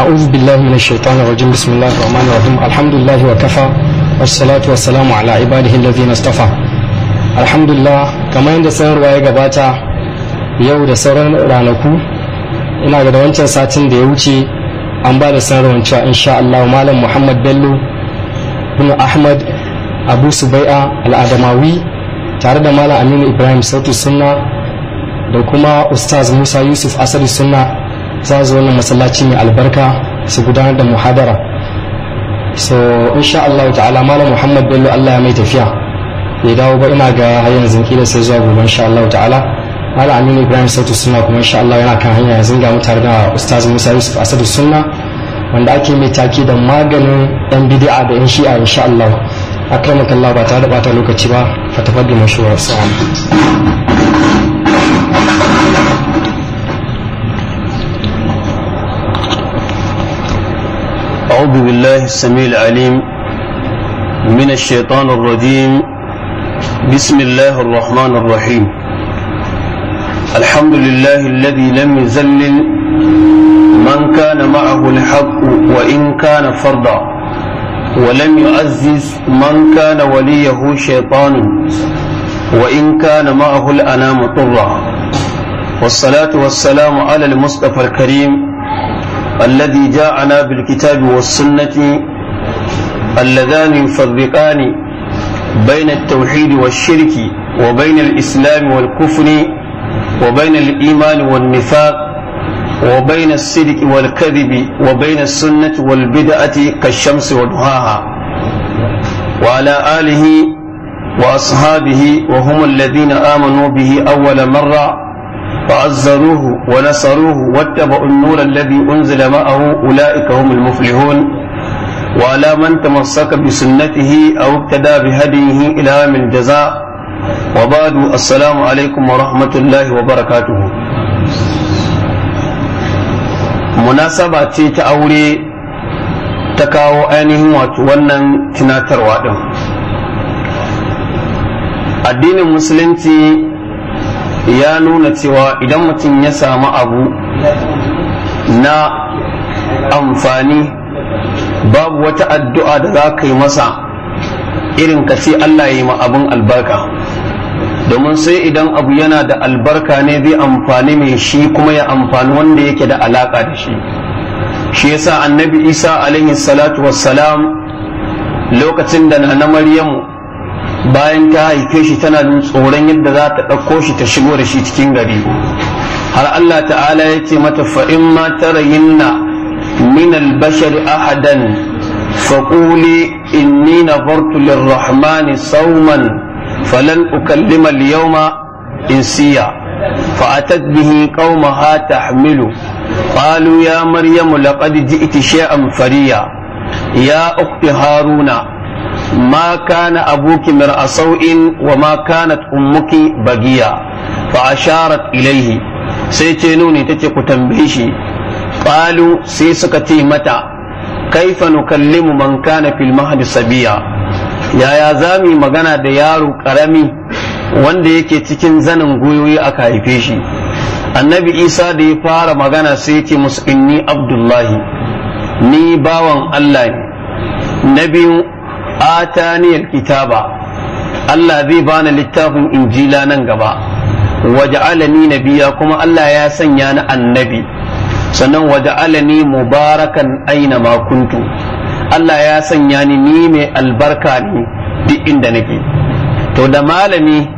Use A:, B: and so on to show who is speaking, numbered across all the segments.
A: أعوذ بالله من الشيطان الرجيم بسم الله الرحمن الرحيم الحمد لله وكفى والصلاة والسلام على عباده الذين اصطفى الحمد لله كما يند sanarwa ya gabata yau da sauran ranaku ina ga da wancan satin da ya wuce an ba da sanarwar cewa insha Allah malam Muhammad Bello bin Ahmad Abu Subai'a al-Adamawi tare da malam Aminu Ibrahim sauti Sunna da kuma Ustaz Musa Yusuf Asadi Sunna za su wannan masallaci mai albarka su gudanar da muhadara so insha Allah ta'ala malam Muhammad Bello Allah ya mai tafiya bai dawo ba ina ga yanzu da sai zuwa gobe insha Allah ta'ala malam Aminu Ibrahim Sautu Sunna kuma insha Allah yana kan hanya yanzu ga mutare da Ustaz Musa Yusuf Asadu Sunna wanda ake mai take da maganin yan bid'a da yan shi'a insha Allah akramakallah ba ta da bata lokaci ba fa tafaddalu mashawara assalamu أعوذ بالله السميع العليم من الشيطان الرجيم بسم الله الرحمن الرحيم الحمد لله الذي لم يذلل من كان معه الحق وإن كان فردا ولم يعزز من كان وليه شيطان وإن كان معه الأنام طرا والصلاة والسلام على المصطفى الكريم الذي جاءنا بالكتاب والسنة اللذان يفرقان بين التوحيد والشرك وبين الإسلام والكفر وبين الإيمان والنفاق وبين الصدق والكذب وبين السنة والبدعة كالشمس وضحاها وعلى آله وأصحابه وهم الذين آمنوا به أول مرة وعزروه ونصروه واتبعوا النور الذي أنزل معه أولئك هم المفلحون وعلى من تمسك بسنته أو ابتدى بهديه إلى من جزاء وبعد السلام عليكم ورحمة الله وبركاته مناسبة تأولي تكاو أنهم وتونا تناتر وادم addinin musulunci ya nuna cewa idan mutum ya samu abu na amfani babu wata addu'a da za ka yi masa irin ka ce Allah ya yi ma abin albarka domin sai idan abu yana da albarka ne zai amfani mai shi kuma ya amfani wanda yake da alaka da shi shi yasa annabi isa alaihi salatu wassalam lokacin da na maryamu bayan ta haife shi tana jin tsoron yadda za ta ɗauko shi ta shigo da shi cikin gari har Allah ta'ala ya ce mata fa'in ma tarayinna min albashari ahadan faƙuli inni na bartulin rahmani sauman falan ukallima yauma insiya fa'atat bihi qaumaha tahmilu qalu ya maryamu laqad ji'ti shay'an fariya ya ukhti haruna ما كان أبوك مرأ سوء وما كانت أمك بقية فأشارت إليه سيتنوني تتيك تنبيشي قالوا سيسكتي متى كيف نكلم من كان في المهد صبيا يا يا زامي مغانا ديارو كرمي wanda yake cikin zanin goyoyi aka haife shi annabi isa da ya fara magana sai ce musu inni abdullahi ni bawan allah ne na atani alkitaba Allah zai bani littafin injila nan gaba waja'alani nabiya kuma Allah ya sanya ni annabi sannan waje alani mubarakan aina ma Allah ya sanya ni ni mai albarka ne duk inda nake to da malami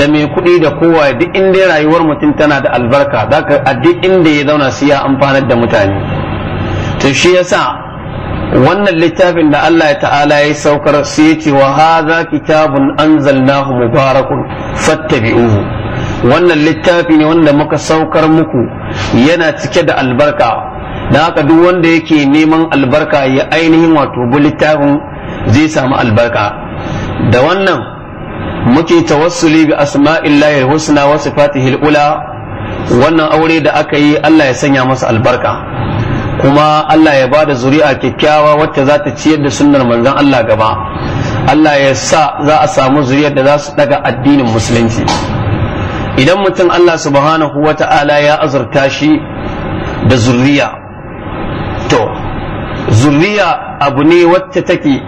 A: da mai kuɗi da kowa duk inda rayuwar mutum tana da albarka zaka a duk inda ya zauna sai ya amfanar da mutane to shi yasa wannan littafin da Allah ta'ala ya saukar sai ce wa haza kitabun anzalnahu mubarakun fattabi'uhu wannan littafi ne wanda muka saukar muku yana cike da albarka da haka duk wanda yake neman albarka ya ainihin wato bu littafin zai samu albarka da wannan muke tawassuli bi asma'illahi husna wa sifatihi ula wannan aure da aka yi Allah ya sanya masa albarka kuma Allah ya bada zuri'a kyakkyawa wacce za ta ciyar da sunnar manzon Allah gaba Allah ya sa za a samu zuriyar da za su daga addinin musulunci idan mutum Allah subhanahu wata'ala ya azurta shi da zuriya to zuriya abu ne wacce take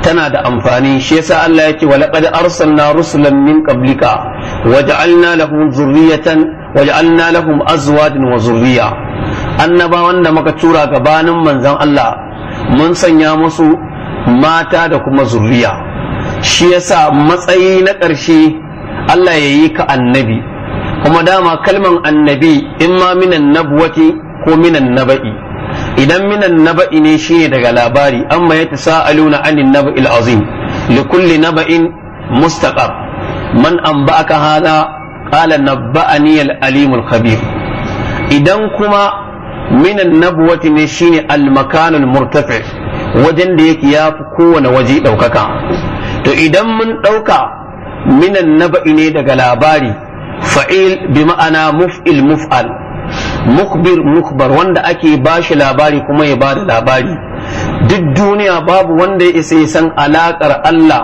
A: tana da amfani shi yasa Allah yake wa laqad arsalna rusulan min qablika waja'alna lahum zurriyatan waja'alna lahum azwajan wa zurriya annabawan da muka tura gabanin manzon Allah mun sanya musu mata da kuma zuriya shi yasa matsayi na ƙarshe Allah ya yi ka annabi kuma dama kalman annabi in ma minan nabwati ko minan naba'i idan minan naba'i ne shine daga labari amma ya tasa'aluna anin naba'il azim likulli naba'in mustaqar man anba'aka hada qala nabba'ani al-alimul khabir idan kuma minan nabuwati ne shine al-makanul murtafi wajen da yake ya fi kowane waje ɗaukaka to idan mun ɗauka minan naba'i ne daga labari fa'il bi ma'ana muf'il muf'al mukbir mukbar wanda ake bashi labari kuma ya bada labari duk duniya babu wanda ya isa ya san alaƙar Allah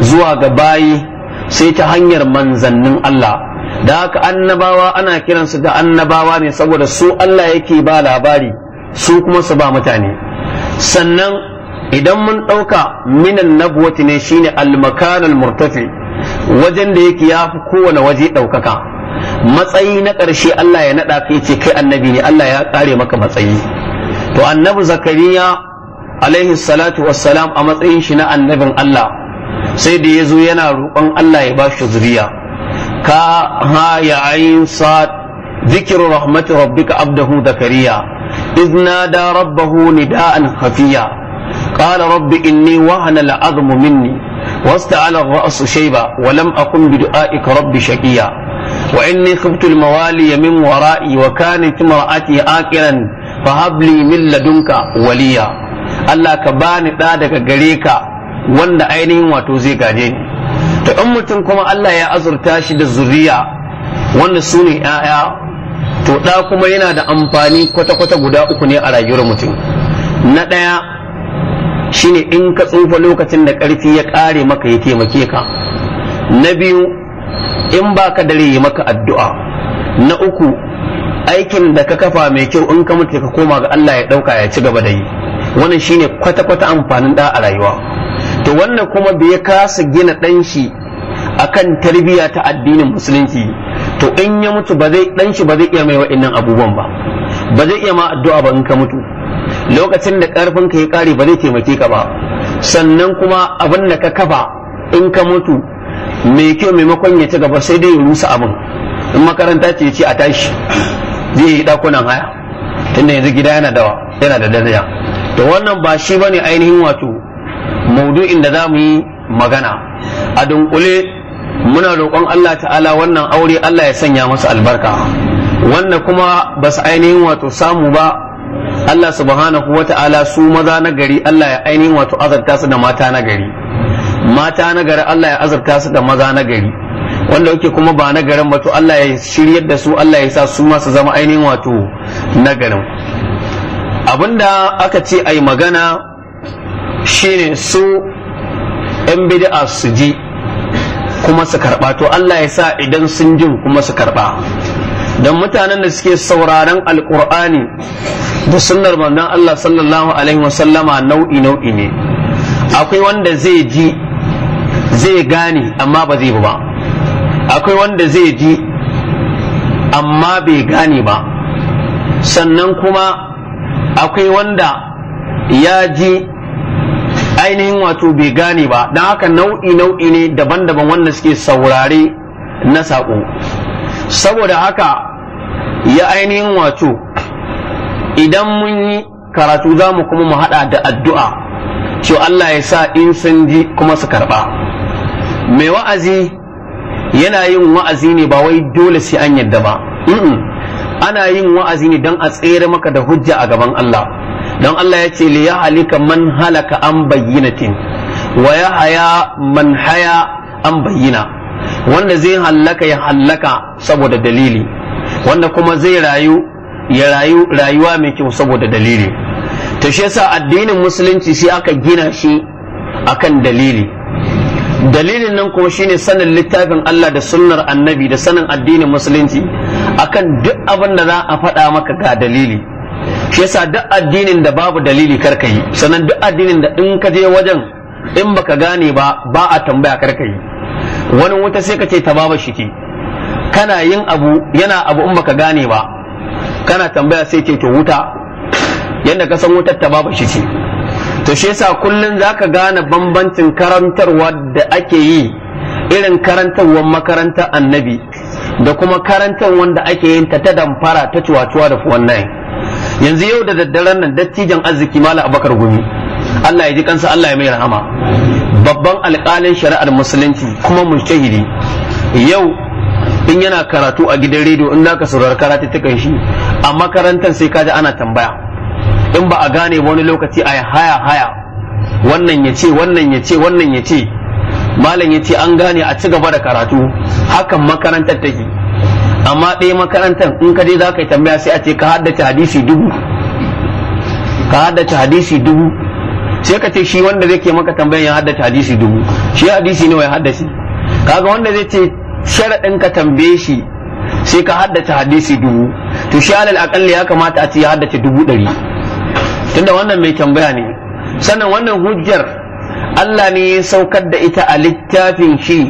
A: zuwa ga bayi sai ta hanyar manzannin Allah da haka annabawa ana kiransu da annabawa ne saboda su Allah yake ba labari su kuma su ba mutane sannan idan mun ɗauka minan nabuwati ne shine almakanul murtafi wajen da yake ya fi kowane waje ɗaukaka matsayi na ƙarshe Allah ya naɗa ka ce kai annabi ne Allah ya ƙare maka matsayi to annabi zakariya alaihi salatu wassalam a matsayin shi na annabin Allah sai da ya zo yana roƙon Allah ya ba shi zuriya ka ha ya ayin sad ذكر رحمة ربك عبده زكريا إذ نادى ربه نداء خفيا قال رب إني وهن العظم مني واستعل الرأس شيبا ولم أقم بدعائك رب شقيا وإني خفت الموالي من ورائي وكانت امرأتي آكلا فهب لي من لدنك وليا الله كباني دادك غريكا wanda ainihin wato zai gaje ni to in mutum kuma Allah ya azurta shi da zuriya wanda su ne 'ya'ya to ɗa kuma yana da amfani kwata-kwata guda uku ne a rayuwar mutum na ɗaya shine in ka tsufa lokacin da ƙarfi ya ƙare maka ya taimake ka na biyu in ba ka dare ya maka addu'a na uku aikin da ka kafa mai kyau in ka mutu ka koma ga Allah ya ɗauka ya ci gaba da yi wannan shine kwata-kwata amfanin ɗa a rayuwa Wannan kuma bai kasa gina ɗanshi shi akan tarbiyya ta addinin musulunci to in ya mutu ba zai ɗanshi shi ba zai iya mai wa'annan abubuwan ba ba zai iya ma addu'a ba in ka mutu lokacin da ƙarfin ka ya kare ba zai taimake ka ba sannan kuma abin da ka kafa in ka mutu mai kyau maimakon ya ci gaba sai dai ya rusa abin in makaranta ce ce a tashi zai yi ɗakunan haya tunda yanzu gida yana da yana da daraja to wannan ba shi bane ainihin wato maudu'in da za mu yi magana a dunkule muna roƙon Allah ta'ala wannan aure Allah ya sanya masa albarka wanda kuma ba su ainihin wato samu ba Allah subhanahu wa ta'ala su maza na gari Allah ya ainihin wato azarta su da mata na gari mata na gari Allah ya azarta su da maza na gari wanda yake kuma ba na garin wato Allah ya shiryar da su Allah ya sa su ma zama ainihin wato na garin abinda aka ce ai magana shine su yan bid'a su ji kuma su karba to Allah ya sa idan sun ji kuma su karba don mutanen da suke sauraron alkur'ani da sunnar manzon Allah sallallahu alaihi wasallama nau'i nau'i ne akwai wanda zai ji zai gane amma ba zai ba akwai wanda zai ji amma bai gane ba sannan kuma akwai wanda ya ji ainihin wato bai gane ba don haka nau'i nau'i ne daban-daban wanda suke saurare na saƙo saboda haka ya ainihin wato idan mun yi karatu za mu kuma mu haɗa da addu'a to Allah ya sa in sun ji kuma su karɓa mai wa'azi yana yin wa'azi ne ba wai dole sai an yadda ba ana yin wa'azi ne don a tsere maka da hujja a gaban Allah don Allah ya ce li ya halika man halaka an bayyinatin wa ya haya man haya an bayyina wanda zai hallaka ya halaka saboda dalili wanda kuma zai rayu ya rayu rayuwa mai kyau saboda dalili to shi yasa addinin musulunci shi aka gina shi akan dalili dalilin nan kuma shine sanin littafin Allah da sunnar annabi da sanin addinin musulunci akan duk abin da za a faɗa maka ga dalili shi yasa duk addinin da babu dalili karka yi sannan duk addinin da in ka je wajen in baka gane ba ba a tambaya karka yi wani wuta sai ka ce ta baba shi kana yin abu yana abu in baka gane ba kana tambaya sai ce to wuta yadda ka san wutar ta baba ce to shi yasa kullun zaka gane bambancin karantarwa da ake yi irin karantarwar makaranta annabi da kuma karantar wanda ake yin ta ta damfara ta cuwatuwa da fuwan yanzu yau da daddaren nan dattijan arziki mala abakar gumi Allah ya ji kansa Allah ya mai rahama babban alƙalin shari'ar musulunci kuma shahidi. yau in yana karatu a gidan rediyo in naka saurari karatuttukan shi a makarantar sai kaji ana tambaya in ba a gane wani lokaci a haya haya wannan ya ce wannan ya ce wannan ya ce malam ya ce an gane a ci gaba da karatu hakan makarantar take amma ɗaya makarantar in ka je za ka yi tambaya sai a ce ka haddace hadisi dubu ka haddace hadisi dubu sai ka ce shi wanda zai ke maka tambayan ya haddace hadisi dubu shi hadisi ne ya haddace kaga wanda zai ce sharaɗin ka tambaye shi sai ka haddace hadisi dubu to shi alal akalli ya kamata a ce ya haddace dubu ɗari tunda wannan mai tambaya ne sannan wannan hujjar Allah ne ya saukar da ita a littafin shi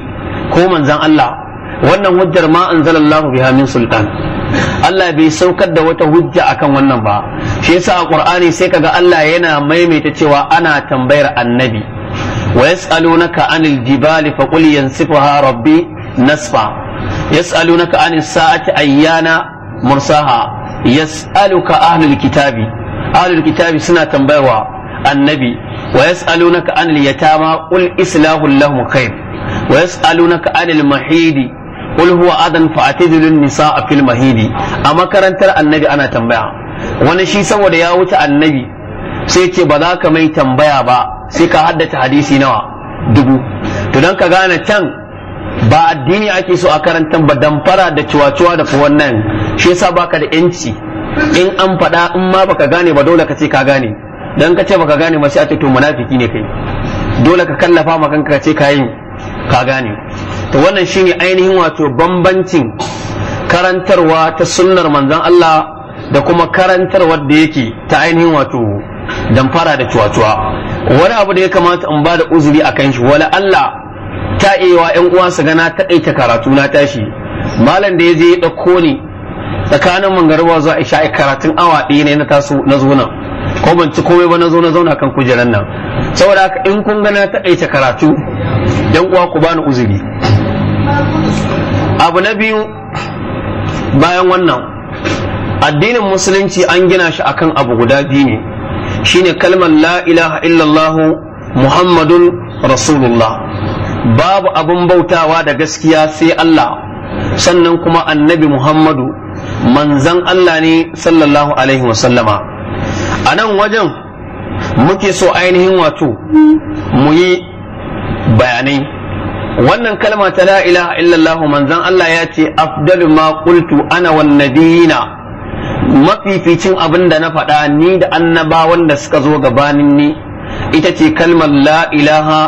A: ko manzan Allah wannan hujjar ma anzalallahu biha min sultan Allah bai saukar da wata hujja akan wannan ba shi yasa a Qur'ani sai kaga Allah yana maimaita cewa ana tambayar annabi wa yas'alunaka anil jibali fa qul yansifuha rabbi nasfa yas'alunaka anis sa'ati ayyana mursaha yas'aluka ahlul kitabi ahlul kitabi suna tambayarwa annabi wa yas'alunaka anil yatama qul islahu lahum khair wa yas'alunaka anil mahidi qul huwa adan fa'tazilun nisaa fil mahidi a makarantar annabi ana tambaya wani shi saboda ya wuce annabi sai ce ba za ka mai tambaya ba sai ka haddace hadisi nawa dubu to dan ka gane can ba addini ake so a karantan ba damfara da ciwaciwa da wannan shi yasa baka da yanci in an faɗa in ma baka gane ba dole ka ce ka gane dan ka ce baka gane ba sai a ce to munafiki ne kai dole ka kallafa ma kanka ka ce ka yi ka gane to wannan shine ainihin wato bambancin karantarwa ta sunnar manzon Allah da kuma karantarwa da yake ta ainihin wato damfara da cuwa-cuwa wani abu da ya kamata in ba da uzuri a kan shi wala Allah ta iya yan uwa su gana ɗaita karatu na tashi malam da ya je ya ɗauko ni tsakanin mangarwa zuwa isha'i karatun awa ɗaya ne na taso na zuwa ko ban ci komai ba na zo na zauna kan kujeran nan saboda haka in kun gana takaice karatu yan uwa ku bani uzuri abu na biyu bayan wannan addinin musulunci an gina shi akan abu guda biyu ne shine kalmar la ilaha illallah muhammadun rasulullah babu abun bautawa da gaskiya sai Allah sannan kuma annabi muhammadu manzan Allah ne sallallahu alaihi wasallama a nan wajen muke so ainihin wato mu yi bayanai wannan kalma ta la ilaha illallah manzon Allah ya ce afdalu ma qultu ana wan nabiyina mafificin abin da na faɗa ni da annabawan da suka zo gabanin ni ita ce kalmar la ilaha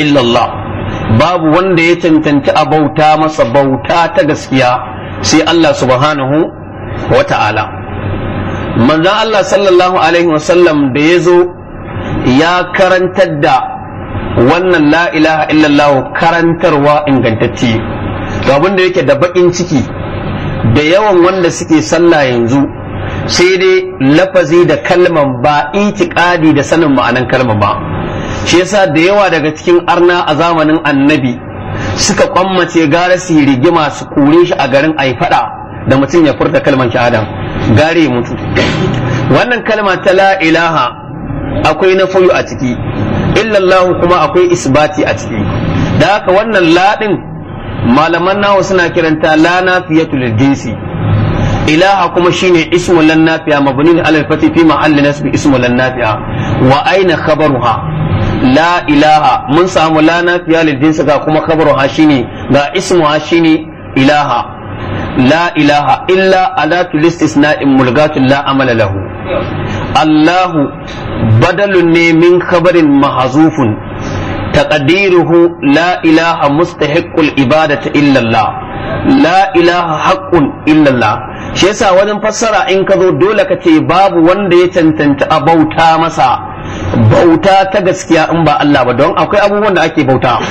A: illallah babu wanda ya cancanci a bauta masa bauta ta gaskiya sai Allah subhanahu wa ta'ala manzon Allah sallallahu alaihi wasallam da ya zo ya karantar da wannan la ilaha illallah karantarwa ingantacce abin da yake da baƙin ciki da yawan wanda suke sallah yanzu sai dai lafazi da kalman ba itiqadi da sanin ma'anan kalma ba shi yasa da yawa daga cikin arna a zamanin annabi suka kwammace gara su rigima su kure shi a garin ai fada da mutum ya furta kalman shahada gare ya mutu wannan kalma ta la ilaha akwai na fayu a ciki illallahu kuma akwai isbati a ciki da haka wannan laɗin malaman nawa suna kiranta la nafiyatu jinsi ilaha kuma shine ismu lan nafiya mabnin alal fati fi ma'alli nasbi ismu lan nafiya wa aina khabaruha la ilaha mun samu la nafiya ga kuma khabaruha shine ga ismuha shine ilaha la ilaha illa alatul istisna'in mulgatun la amala lahu allahu badalun ne min khabarin mahazufun taqdiruhu la ilaha mustahiqqul ibadata illa allah la ilaha haqqun illa allah shi yasa wajen fassara in ka zo dole ka ce babu wanda ya cancanta a bauta masa bauta ta gaskiya in ba Allah ba don akwai abubuwan da ake bauta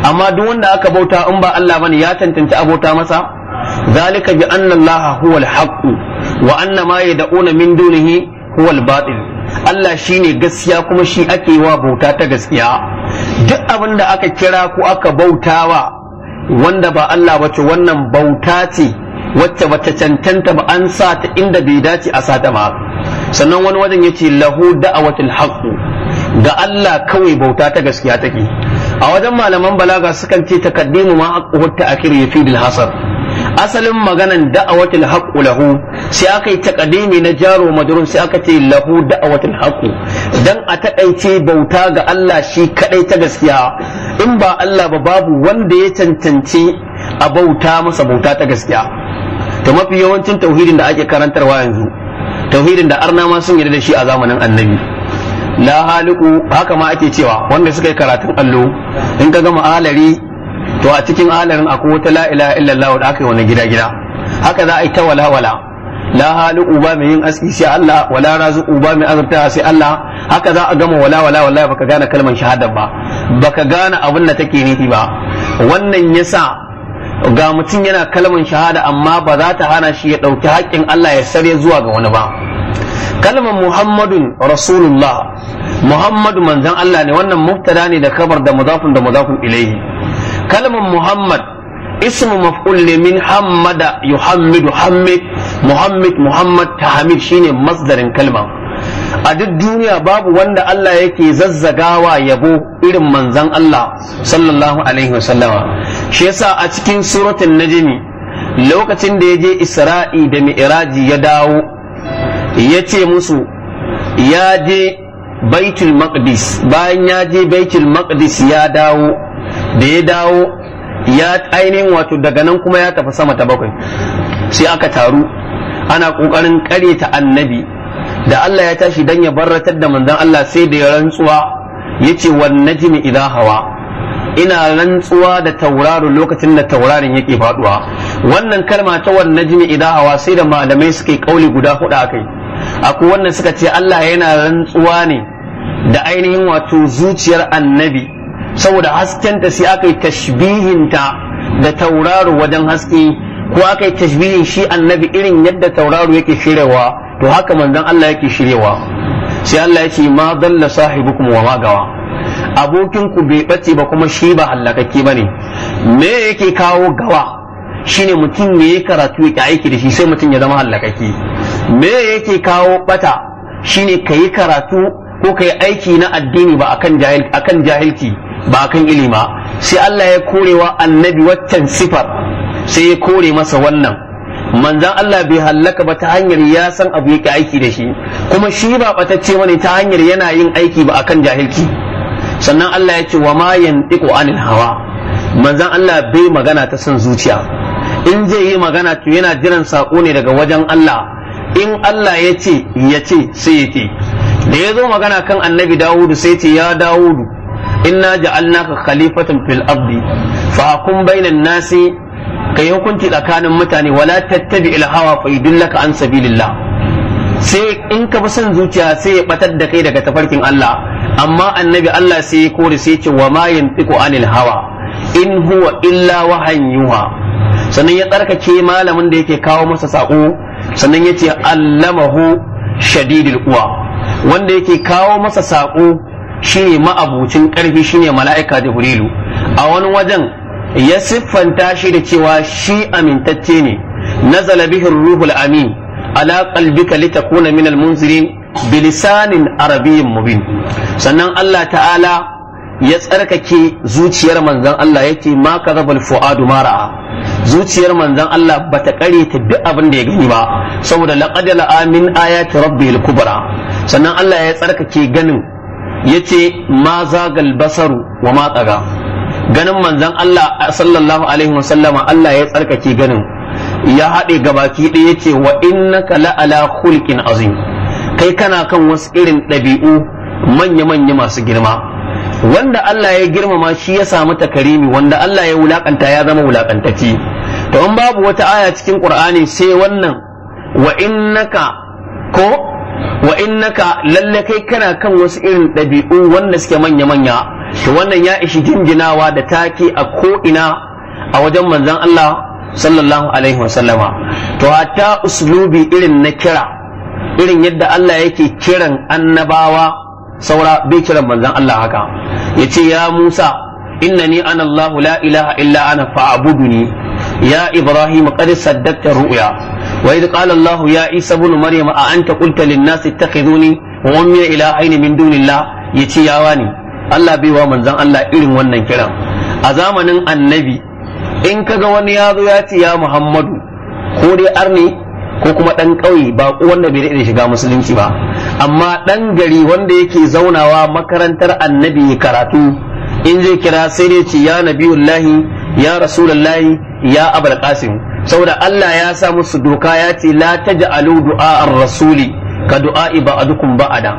A: amma duk wanda aka bauta in ba Allah bane ya cancanta a bauta masa zalika bi anna huwal haqq wa anna ma yad'una min dunihi huwal batil Allah shine gaskiya kuma shi ake wa bauta ta gaskiya duk abin da aka kira ko aka bautawa wanda ba Allah wace wannan bauta ce wacce bata cancanta ba an sa ta inda bai dace a sata ba sannan wani wajen yace lahu da'awatul haqq ga Allah kawai bauta ta gaskiya take a wajen malaman balaga sukan ce takaddimu ma haqq wa ta'khir yufidul hasar asalin maganan da'awatul haqqu lahu sai aka yi takadimi na jaro madrun sai aka ce lahu da'awatul haqqu dan a takaice bauta ga Allah shi kadai ta gaskiya in ba Allah ba babu wanda ya cancanci a bauta masa bauta ta gaskiya to mafi yawancin tauhidin da ake karantarwa yanzu tauhidin da arna ma sun yarda da shi a zamanin annabi la haliku haka ma ake cewa wanda suka yi karatun allo in ka gama alari to a cikin alarin akwai wata la ilaha illallah da aka yi wani gida gida haka za a yi ta wala wala la halu uba mai yin aski sai Allah wala razu uba mai azurta sai Allah haka za a gama wala wala baka gane kalmar shahada ba baka gane abin da take nufi ba wannan yasa ga mutum yana kalmar shahada amma ba za ta hana shi ya ɗauki haƙƙin Allah ya sare zuwa ga wani ba kalmar muhammadun rasulullah muhammadu manzon Allah ne wannan muftada ne da kabar da mudafun da mudafun ilaihi kalmar muhammad ismu maf'ul ne min hamada yuhammidu hammid muhammad muhammad tahmid shine masdarin kalma a duk duniya babu wanda Allah yake zazzagawa yabo irin manzan Allah sallallahu alaihi wasallama shi yasa a cikin suratul najmi lokacin da ya je isra'i da mi'raji ya dawo ya ce musu ya je baitul maqdis bayan ya je baitul maqdis ya dawo da ya dawo ya ainihin wato daga nan kuma ya tafi sama ta bakwai sai aka taru ana kokarin ta annabi da Allah ya tashi dan ya barratar da manzon Allah sai da ya rantsuwa ya wan najmi idan hawa ina rantsuwa da tauraro lokacin da tauraron yake faduwa wannan kalma ta wan najmi idan hawa sai da malamai suke yi kauli guda hudu akai akwai wannan suka ce Allah yana rantsuwa ne da ainihin wato zuciyar annabi saboda hasken ta sai aka yi tashbihinta da tauraro wajen haske ko aka yi tashbihin shi annabi irin yadda tauraro yake shirewa to haka manzon Allah yake shirewa sai Allah ya ce ma dalla sahibukum wa magawa abokin ku bai bace ba kuma shi ba hallakakke bane me yake kawo gawa shine mutum ne ya karatu ya aiki da shi sai mutum ya zama hallakakke me yake kawo bata shine kayi karatu ko kai aiki na addini ba akan jahil akan jahilci ba akan ilima sai Allah ya korewa annabi waccan sifar sai ya kore masa wannan manzan Allah bai hallaka ba ta hanyar ya san abu yake aiki da shi kuma shi ba batacce bane ta hanyar yana yin aiki ba akan jahilci sannan Allah ya ce wa ma yantiqu anil hawa manzan Allah bai magana ta son zuciya in zai yi magana to yana jiran sako ne daga wajen Allah in Allah ya ce ya ce sai ya ce da ya zo magana kan annabi dawudu sai ce ya dawudu inna ja'alnaka khalifatan fil ardi fa hukum bainan nasi kai hukunci tsakanin mutane wala tattabi il hawa fa yudullaka an sabilillah sai in ka bi son zuciya sai ya batar da kai daga tafarkin Allah amma annabi Allah sai ya kore sai ce wa ma yantiqu anil hawa in huwa illa wahan yuha sannan ya tsarkake malamin da yake kawo masa sako sannan ya ce allamahu shadidul uwa wanda yake kawo masa saƙo shine ma'abucin ƙarfi shine mala'ika jibrilu a wani wajen ya siffanta shi da cewa shi amintacce ne nazala bihi ruhul amin ala qalbika litakuna minal munzirin bilisanin arabiyyin mubin sannan Allah ta'ala ya tsarkake zuciyar manzon Allah yake ma kadhabal fuadu mara'a zuciyar manzon Allah bata kare ta duk abin da ya gani ba saboda laqad la'a min ayati rabbihil kubra sannan Allah ya tsarkake ganin yace ma zagal basaru wa ma tsaga ganin manzon Allah sallallahu alaihi wasallama Allah ya tsarkake ganin ya haɗe gabaki ɗaya yace wa innaka la'ala khulqin azim kai kana kan wasu irin ɗabi'u manya-manya masu girma wanda Allah ya girmama shi ya samu takarimi wanda Allah ya wulakanta ya zama wulakantaki to in babu wata aya cikin Qur'ani sai wannan wa innaka ko wa innaka lalle kai kana kan wasu irin ɗabi'u wanda suke manya manya to wannan ya ishi jinjinawa da take a ko ina a wajen manzon Allah sallallahu alaihi wasallama to hatta uslubi irin na kira irin yadda Allah yake kiran annabawa saura bai kiran manzan Allah haka yace ya Musa innani ana Allah la ilaha illa ana ni. ya Ibrahim qad saddaqta ru'ya wa idh qala Allah ya Isa ibn Maryam a anta qulta lin nas ittakhiduni wa ummi ilahaini min dunillah yace ya wani Allah bai wa manzon Allah irin wannan kiran a zamanin annabi in kaga wani ya zo ya ce ya Muhammadu ko dai arni ko kuma ɗan ƙauye ba wanda bai daɗe shiga musulunci ba amma ɗan gari wanda yake zaunawa makarantar annabi karatu in zai kira sai dai ce ya nabiyullahi ya rasulullahi ya abul qasim saboda Allah ya sa musu doka ya ce la taj'alu du'a ar-rasuli ka du'a a ba'ada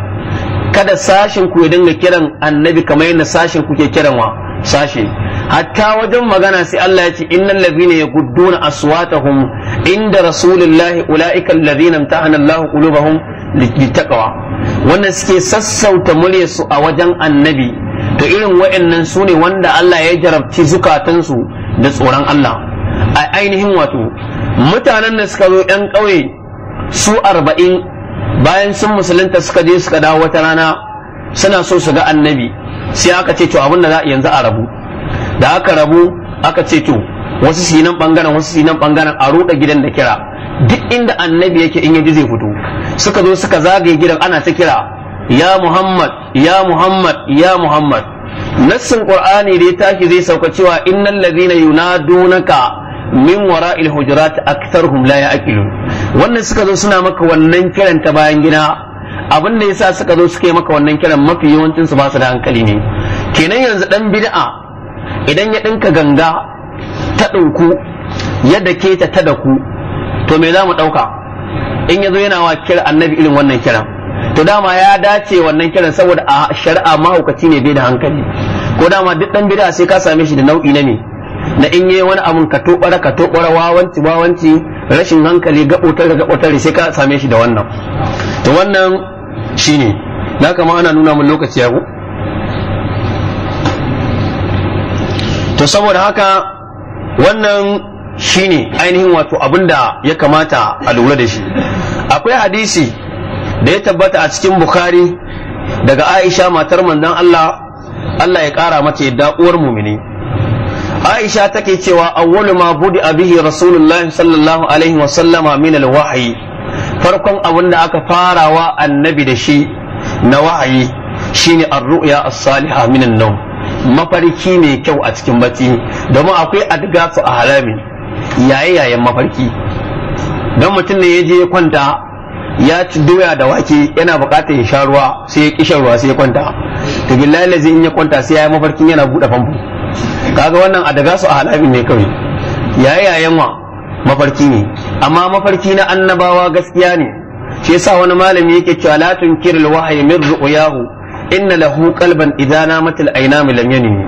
A: kada sashen ku ya dinga kiran annabi kamar yadda sashin kuke kiran wa sashe hatta wajen magana sai Allah ya ce innal ladhina yaqudduna aswatahum inda rasulillahi ulaika alladhina imtahana Allahu qulubahum litaqwa wannan suke sassauta muryarsu a wajen annabi to irin wa'annan su ne wanda Allah ya jarabci zukatansu da tsoron Allah a ainihin wato mutanen da suka zo 'yan ƙauye su arba'in bayan sun musulunta suka je suka dawo wata rana suna so su ga annabi sai aka ce to abin da za yanzu a rabu da aka rabu aka ce to wasu su nan bangaren wasu su nan bangaren a ruɗa gidan da kira duk inda annabi yake in yaji zai fito suka zo suka zagaye gidan ana ta kira ya muhammad ya muhammad ya muhammad nassin qur'ani da ya tashi zai sauka cewa innal ladina yunadunaka min wara'il hujurat aktharuhum la ya'qilun wannan suka zo suna maka wannan kiran ta bayan gida abin da yasa suka zo suke maka wannan kiran mafi yawancin su ba su da hankali ne kenan yanzu dan bid'a idan ya ɗinka ganga ta ɗinku yadda ke ta ta da ku to me za mu ɗauka in ya zo yana wa kira annabi irin wannan kiran to dama ya dace wannan kiran saboda a shari'a mahaukaci ne bai da hankali ko dama duk dan bid'a sai ka same shi da nau'i na me na in yayi wani abun ka tobara ka wawanci wawanci rashin hankali gaɓotar da sai ka same shi da wannan to wannan shine na kama ana nuna mun lokaci ya to saboda haka wannan shine ainihin wato abinda ya kamata a lura da shi akwai hadisi da ya tabbata a cikin bukhari daga aisha matar manzon Allah Allah ya kara mata yadda uwar mumini aisha take cewa awwalu ma budi abihi rasulullah sallallahu alaihi wa sallama min alwahyi farkon abin da aka farawa annabi da shi na wahayi shine ar-ru'ya as-salihah min an-nawm mafarki mai kyau a cikin bacci domin akwai adgatu a halamin yaye yayen mafarki don mutum ne ya je ya kwanta ya ci doya da wake yana bukatar ya sha ruwa sai ya kishan ruwa sai ya kwanta to billahi lazi in ya kwanta sai ya yi mafarkin yana buɗe famfo kaga wannan adagasu a halamin ne kawai yaye yayen wa mafarki ne amma mafarki na annabawa gaskiya ne shi yasa wani malami yake cewa la tunkirul wahayi min ru'yahu inna lahu qalban idza namat al mu lam yanimi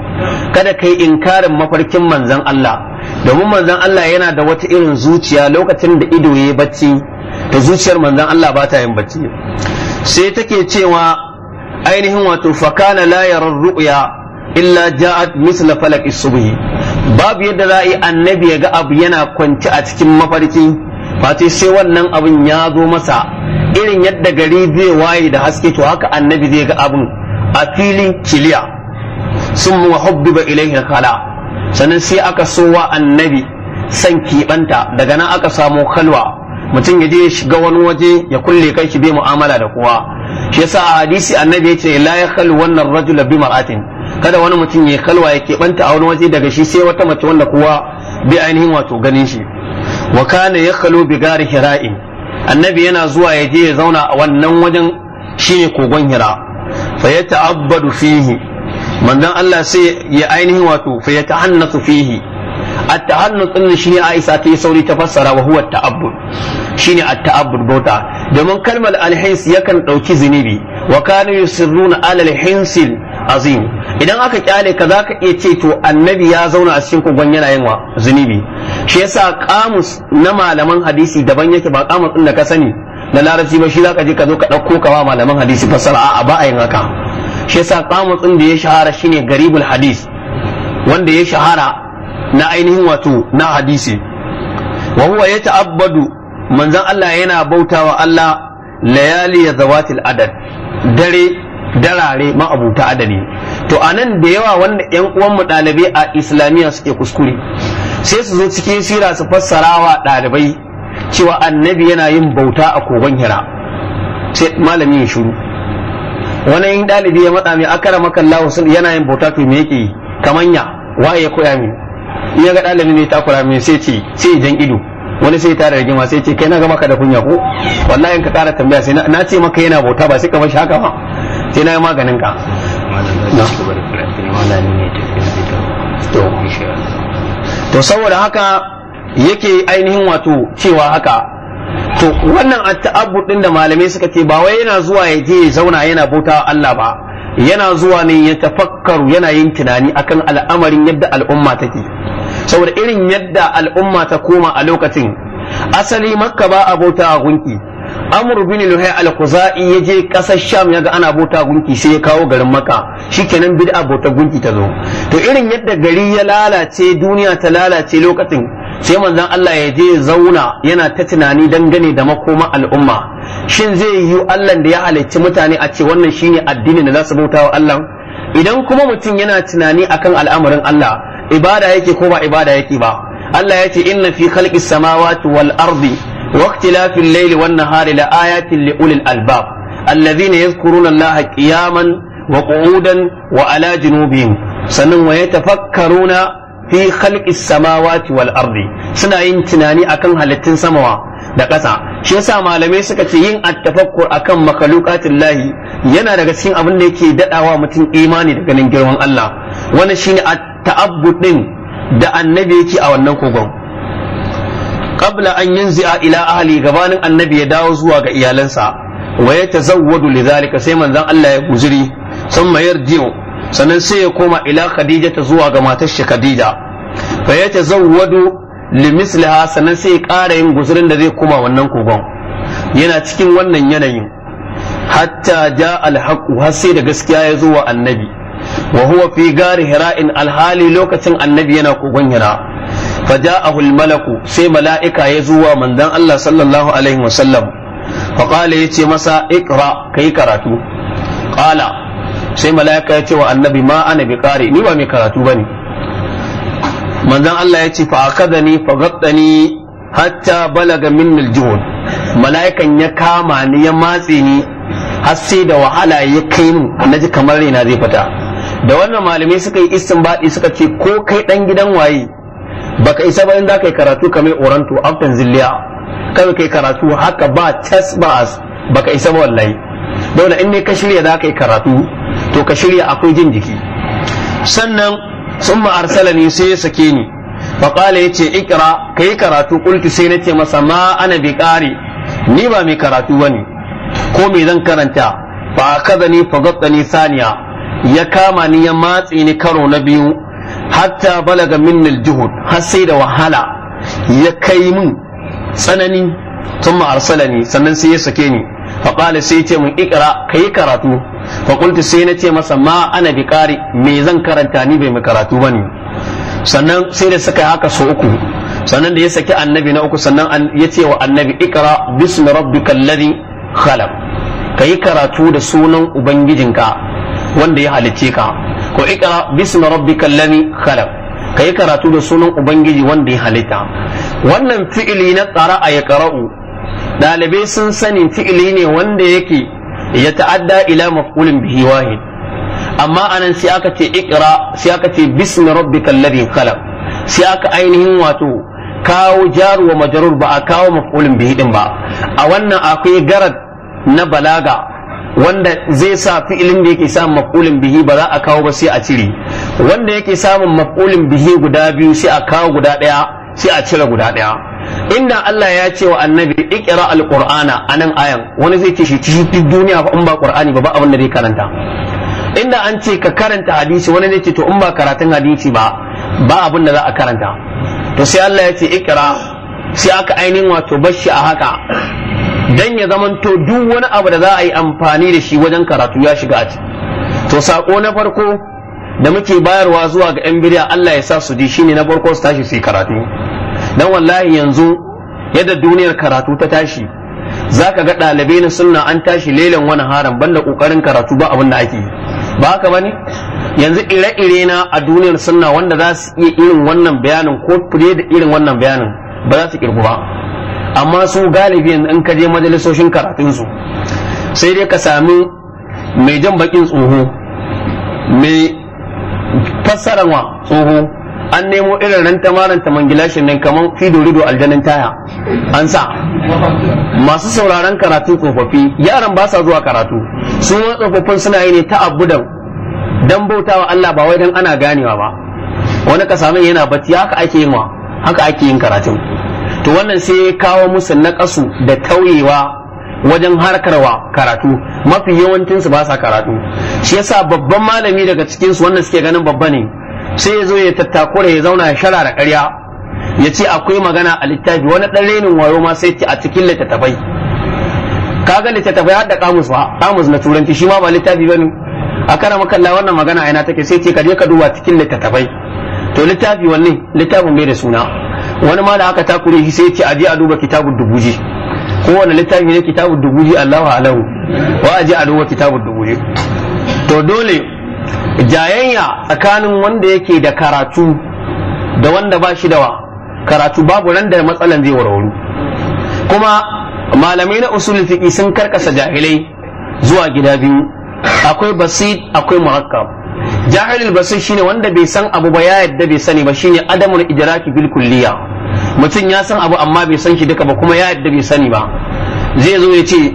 A: kada kai inkarin mafarkin manzon Allah domin manzon Allah yana da wata irin zuciya lokacin da ido yayi bacci da zuciyar manzon Allah ba ta yin bacci sai take cewa ainihin wato fakana la yara ru'ya illa ja'at misla falak subhi babu yadda za a yi annabi ya ga abu yana kwanci a cikin mafarki fati sai wannan abin ya zo masa irin yadda gari zai waye da haske to haka annabi zai ga abin a filin kiliya sun mu ba ilai kala sannan sai aka so wa annabi san kibanta daga nan aka samo kalwa mutum ya je ya shiga wani waje ya kulle kai shi bai mu'amala da kowa shi yasa a hadisi annabi ya ce la ya khalu wannan rajul bi mar'atin kada wani mutum ya kalwa ya keɓanta a wani waje daga shi sai wata mace wanda kowa bai ainihin wato ganin shi wa kana yakhlu bi gari hira'in annabi yana zuwa ya je ya zauna a wannan wajen shine kogon hira fa yata'abbadu fihi manzon Allah sai ya ainihin wato fa yata'annatu fihi at-tahannut din shine Aisha ta yi sauri ta fassara wa huwa ta'abbud shine at-ta'abbud bauta domin kalmar al-hins yakan dauki zinibi. wa kanu yusirruna ala al-hinsil azim idan aka kyale ka za ka iya ce to annabi ya zauna a cikin kogon yana yin wa zunubi shi yasa kamus na malaman hadisi daban yake ba kamus din da ka sani na larabci ba shi ka je ka zo ka dauko ka wa malaman hadisi fassara a ba a yin haka shi yasa kamus din da ya shahara shine garibul hadis wanda ya shahara na ainihin wato na hadisi wa huwa yata'abbadu manzon Allah yana bautawa Allah layali ya zawatil adad dare darare abuta adali to a nan da yawa wanda yan uwan mu ɗalibai a islamiyya suke kuskure sai su zo cikin sira su fassara wa ɗalibai cewa annabi yana yin bauta a kogon hira sai malami ya shuru wani yin ɗalibi ya matsa mai akara makan sun yana yin bauta to me yake kamanya waye ya koya min in ga ɗalibi ne takura min sai ce sai jan ido wani sai tare da gima sai ce kai na ga maka da kunya ko wallahi in ka kara tambaya sai na ce maka yana bauta ba sai ka mashi haka ba sai na yi maganin ka to saboda haka yake ainihin wato cewa haka to wannan atta'abbud din da malamai suka ce ba wai yana zuwa ya je zauna yana bauta Allah ba yana zuwa ne ya tafakkaru yana yin tunani akan al'amarin yadda al'umma take saboda irin yadda al'umma ta koma a lokacin asali makka ba a bauta a gunki amr bin luhay al-khuzai yaje kasar sham yaga ana bota gunki sai ya kawo garin maka shikenan bid'a bota gunki ta zo to irin yadda gari ya lalace duniya ta lalace lokacin sai manzon Allah ya je zauna yana ta tunani dangane da makoma al'umma shin zai yi Allah da ya halicci mutane a ce wannan shine addini da za su bauta wa Allah idan kuma mutum yana tunani akan al'amarin Allah ibada yake ko ba ibada yake ba Allah ya ce inna fi khalqis samawati wal ardi waqtilafil layli wannan hari la ayatin li ulil albab alladhina yadhkuruna allaha qiyaman wa qu'udan wa ala junubihim sannan wa yatafakkaruna fi khalqis samawati wal ardi suna yin tunani akan halittun samawa da ƙasa shi yasa malamai suka ce yin attafakkur akan makalukatin lahi yana daga cikin abin da yake daɗawa mutum imani da ganin girman Allah Wani shine at ɗin da annabi yake a wannan kogon qabla an yanzi'a ila ahli gabanin annabi ya dawo zuwa ga iyalansa wa ya tazawwadu lidhalika sai manzon Allah ya guziri sun mayar diyo sannan sai ya koma ila khadija ta zuwa ga matar shi khadija fa ya tazawwadu limisliha sannan sai ya ƙara yin guzurin da zai koma wannan kogon yana cikin wannan yanayin hatta ja alhaqu har sai da gaskiya ya zo wa annabi wa huwa fi gari hira'in alhali lokacin annabi yana kogon hira فجاءه الملك سي ملائكة يزوى من دان الله صلى الله عليه وسلم فقال يتي مسا اقرأ كي كراتو قال سي ملائكة يتي والنبي ما أنا بقاري نبا مي كراتو بني من دان الله يتي فأخذني فغطني حتى بلغ من الجهود ملائكة يكاماني يماتيني hasse da wahala ya kai ni ji kamar raina zai fita da wannan malamai suka yi istinbadi suka ce ko kai dan gidan waye baka isa ba in za ka yi karatu ka mai oranto aftan zilliya kawai ka yi karatu haka ba tas ba baka isa ba wallahi dole in ne ka shirya za ka yi karatu to ka shirya akwai jin jiki sannan sun arsala ne sai ya sake ni faƙala ya ce ikira ka yi karatu kultu sai na ce masa ma ana bi ƙari ni ba mai karatu ba ne ko me zan karanta fa kaza ni fa saniya ya kama ni ya matse ni karo na biyu hatta balaga minnal juhud har sai da wahala ya kai min tsanani tun arsalani sannan sai ya sake ni fa qala sai ce mun ka yi karatu fa sai na ce masa ma ana bi qari me zan karanta ni bai karatu ne? sannan sai da suka haka so uku sannan da ya saki annabi na uku sannan ya ce wa annabi ikra bismi rabbikal ladhi khalaq yi karatu da sunan ubangijinka wanda ya halicce ka ko ikra bismi rabbikal ladhi khalaq kai karatu da sunan ubangiji wanda ya halitta wannan fi'ili na tsara a ya qara'u dalibai sun sani fi'ili ne wanda yake ya ta'adda ila maf'ulin bihi wahid amma anan sai aka ce ikra sai aka ce bismi rabbikal ladhi khalaq sai aka ainihin wato kawo jaru wa majarur ba a kawo maf'ulin bihi din ba a wannan akwai garad na balaga wanda zai sa fi'ilin da yake samun maf'ulin bihi ba za a kawo ba sai a cire wanda yake samun maf'ulin bihi guda biyu sai a kawo guda ɗaya sai a cire guda ɗaya inda Allah ya ce wa annabi ikira alqur'ana anan ayan wani zai ce shi duk duniya in ba qur'ani ba ba abin da zai karanta inda an ce ka karanta hadisi wani zai ce to in ba karatun hadisi ba ba abin da za a karanta to sai Allah ya ce ikira sai aka ainihin wato bashi a haka dan ya zamanto duk wani abu da za a yi amfani da shi wajen karatu ya shiga a ciki to sako na farko da muke bayarwa zuwa ga yan birya Allah ya sa su ji shine na farko su tashi su yi karatu dan wallahi yanzu yadda duniyar karatu ta tashi zaka ga ɗalibai na sunna an tashi lelen wani haram banda kokarin karatu ba abin da ake yi ba haka bane yanzu ire-ire na a duniyar sunna wanda za su iya irin wannan bayanin ko fure da irin wannan bayanin ba za su kirgu ba amma su galibi in ka je majalisoshin karatunsu sai dai ka sami mai jan bakin tsoho mai wa tsoho an nemo irin ranta maranta mangilashin nan kamar fido rido aljanin taya an sa masu sauraron karatu tsofaffi yaran ba sa zuwa karatu su tsofaffin suna yi ne ta abudan dan bautawa Allah ba wai dan ana ganewa ba wani ka sami yana bacci haka ake yin wa haka ake yin karatun to wannan sai ya kawo musu naƙasu da tauyewa wajen wa karatu mafi yawancin su ba sa karatu shi yasa babban malami daga cikin su wannan suke ganin babba ne sai ya zo ya tattakura ya zauna ya shara da ƙarya ya ce akwai magana a littafi wani ɗan renin wayo ma sai ce a cikin littattafai kaga littattafai har da kamus ba kamus na turanci shi ma ba littafi bane a kana makalla wannan magana aina ina take sai ce ka je ka duba cikin littattafai to littafi wanne littafin bai da suna wani ma da aka takure shi sai ce aje a duba kitabun dubuji kowane littafi ne kitabun dubuji Allahu alahu wa aje a duba kitabun dubuji to dole jayayya tsakanin wanda yake da karatu da wanda ba shi da karatu babu nan da matsalan zai warwaru kuma malamai na usulul fiqi sun karkasa jahilai zuwa gida biyu akwai basit akwai murakkab jahilul basir shine wanda bai san abu ba ya yadda bai sani ba shine adamul idraki bil kulliya mutum ya san abu amma bai san shi duka ba kuma ya yadda bai sani ba zai zo ya ce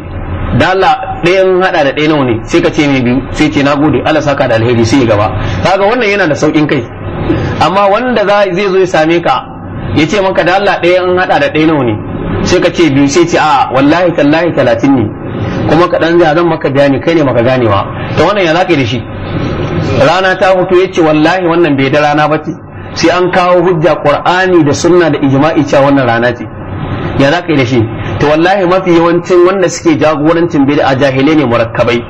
A: da Allah ɗayan hada da ɗaya nawa ne sai ka ce mai biyu sai ce nagode Allah saka da alheri sai ya gaba kaga wannan yana da saukin kai amma wanda zai zo ya same ka ya ce maka da Allah ɗaya an hada da ɗaya nawa ne sai ka ce biyu sai ce a wallahi tallahi talatin ne kuma ka dan zan maka bayani kai ne maka ganewa to wannan ya zaka da shi rana ta fito ya ce wallahi wannan bai da rana ba ce sai an kawo hujja qur'ani da sunna da ijma'i cewa wannan rana ce ya za ka yi da shi to wallahi mafi yawancin wanda suke jagorancin bid'a jahilai ne murakkabai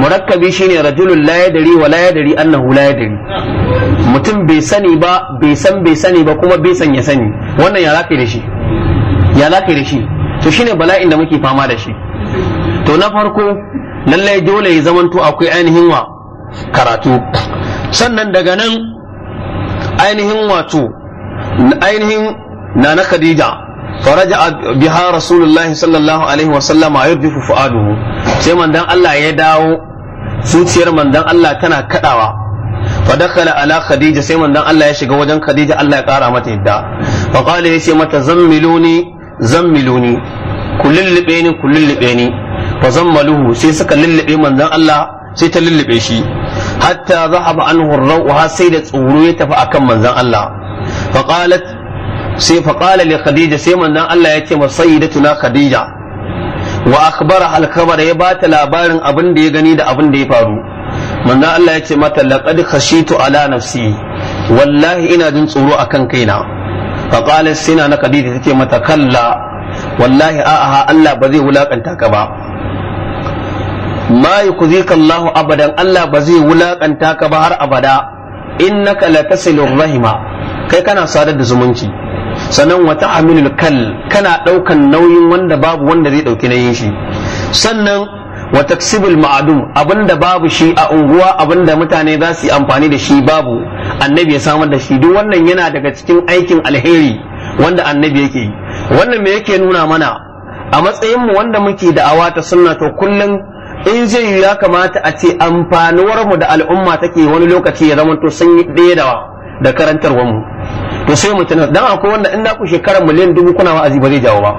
A: murakkabi shine rajulun la yadri wa la yadri annahu la yadri mutum bai sani ba bai san bai sani ba kuma bai san ya sani wannan ya za ka yi da shi ya za ka yi da shi to shine bala'in da muke fama da shi to na farko lallai dole ya zamanto akwai ainihin wa karatu sannan daga nan ainihin wato ainihin nana khadija faraja biha rasulullahi sallallahu alaihi wasallam a yurdifu fu'aduhu sai mandan Allah ya dawo zuciyar mandan Allah tana kadawa fa dakhala ala khadija sai mandan Allah ya shiga wajen khadija Allah ya kara mata yadda fa qala sai mata zammiluni zammiluni ku lullube ni ku lullube fa zammaluhu sai suka lullube mandan Allah sai ta lullube shi hatta zahaba anhu ar har sai da tsoro ya tafi akan manzan Allah fa sai fa li khadija sai manzan Allah ya ce ma sayyidatuna khadija wa akhbara al ya bata labarin abin da ya gani da abin da ya faru manzon Allah ya ce mata laqad khashitu ala nafsi wallahi ina jin tsoro akan kaina na, qalat sina na khadija tace mata kalla wallahi a'a Allah ba zai wulakanta ka ba ma yukhzika Allahu abadan Allah ba zai wulakanta ka ba har abada innaka latasilur rahima kai kana sadar da zumunci sannan wata aminul kal kana ɗaukan nauyin wanda babu wanda zai dauki nayin shi sannan wa taksibul ma'adum abinda babu shi a unguwa abinda mutane za su yi amfani da shi babu annabi ya samar da shi duk wannan yana daga cikin aikin alheri wanda annabi yake yi wannan me yake nuna mana a matsayin mu wanda muke da'awa ta sunna to kullum in zai yi ya kamata a ce amfanuwar mu da al'umma take wani lokaci ya zama to sun yi ɗaya da da karantarwar mu to sai mu don dan akwai wanda in ku shekarar miliyan dubu kuna wa'azi ba zai jawo ba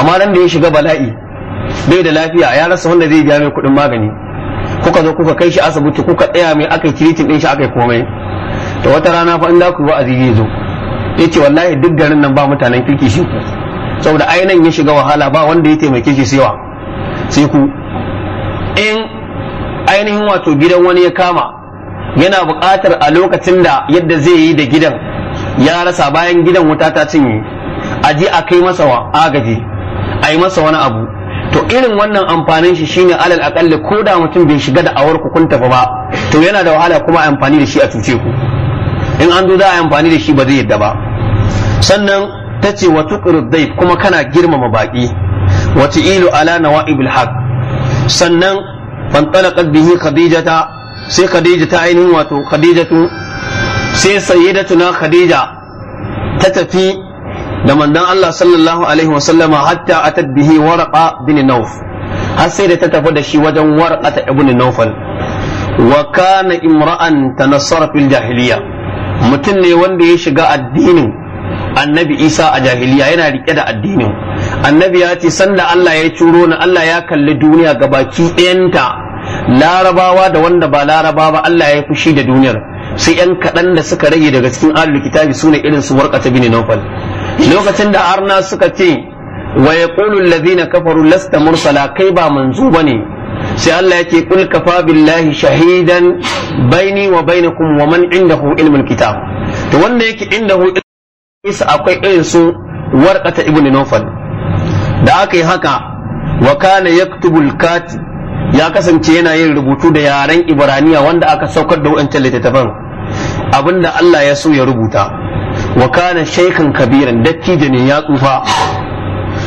A: amma nan da ya shiga bala'i bai da lafiya ya rasa wanda zai biya mai kuɗin magani kuka zo kuka kai shi asibiti kuka tsaya mai aka yi kiritin ɗin shi aka komai to wata rana fa in za ku wa'azi zai zo ya ce wallahi duk garin nan ba mutanen kirki shi saboda ainihin ya shiga wahala ba wanda ya taimake shi sai sai ku in ainihin wato gidan wani ya kama yana buƙatar a lokacin da yadda zai yi da gidan ya rasa bayan gidan wuta ta cinye a je a kai masa wa agaji a yi masa wani abu to irin wannan amfanin shi shine alal aƙalli ko da mutum bai shiga da awar kun tafi ba to yana da wahala kuma amfani da shi a cuce ku in an zo za a amfani da shi ba zai yadda ba sannan ta ce wa tuqrid kuma kana girmama baki wa ilu ala nawa'ibil haqq sannan fantalaqat bihi khadijata sai khadija ta ainihin wato khadijatu sai sayyidatuna khadija ta tafi da mandan Allah sallallahu alaihi wasallama hatta atat bihi waraqa bin nauf har sai da ta tafi da shi wajen waraqata ibn naufal wa kana imra'an tanassara fil jahiliya mutum ne wanda ya shiga addinin annabi isa a jahiliya yana rike da addinin annabi ya ce sanda Allah ya curo ni Allah ya kalli duniya ga baki ɗayanta larabawa da wanda ba laraba ba Allah ya fushi da duniyar sai yan kaɗan da suka rage daga cikin ahlul kitabi sune irin su warqata bin nawfal lokacin da arna suka ce wa yaqulu allazina kafaru lasta mursala kai ba manzo bane sai Allah yake kul kafa billahi shahidan baini wa bainakum wa man indahu ilmul kitab to wanda yake indahu isa akwai irin su warqata ibn nawfal da aka yi haka wa kana yaktubul kati ya kasance yana yin rubutu da yaren ibraniya wanda aka saukar da wancan littattafan abinda Allah ya so ya rubuta wa kana shaikan kabiran dattijo ne ya tsufa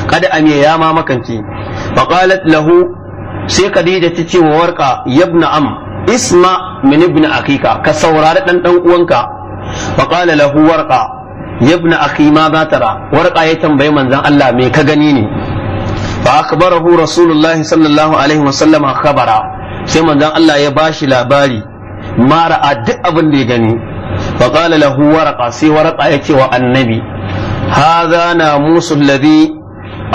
A: kada amiya ya ma makanci lahu sai khadija ta ce wa warka yabna am isma min ibn akika ka saurari dan dan uwanka faqala lahu warka yabna akhi ma za tara warka ya tambayi manzon Allah me ka gani ne fa akhbarahu rasulullahi sallallahu alaihi wasallam khabara sai mazan Allah ya ba shi labari mara a duk abin da ya gani fa qala lahu sai waraka ya ce wa annabi hadha namusul ladhi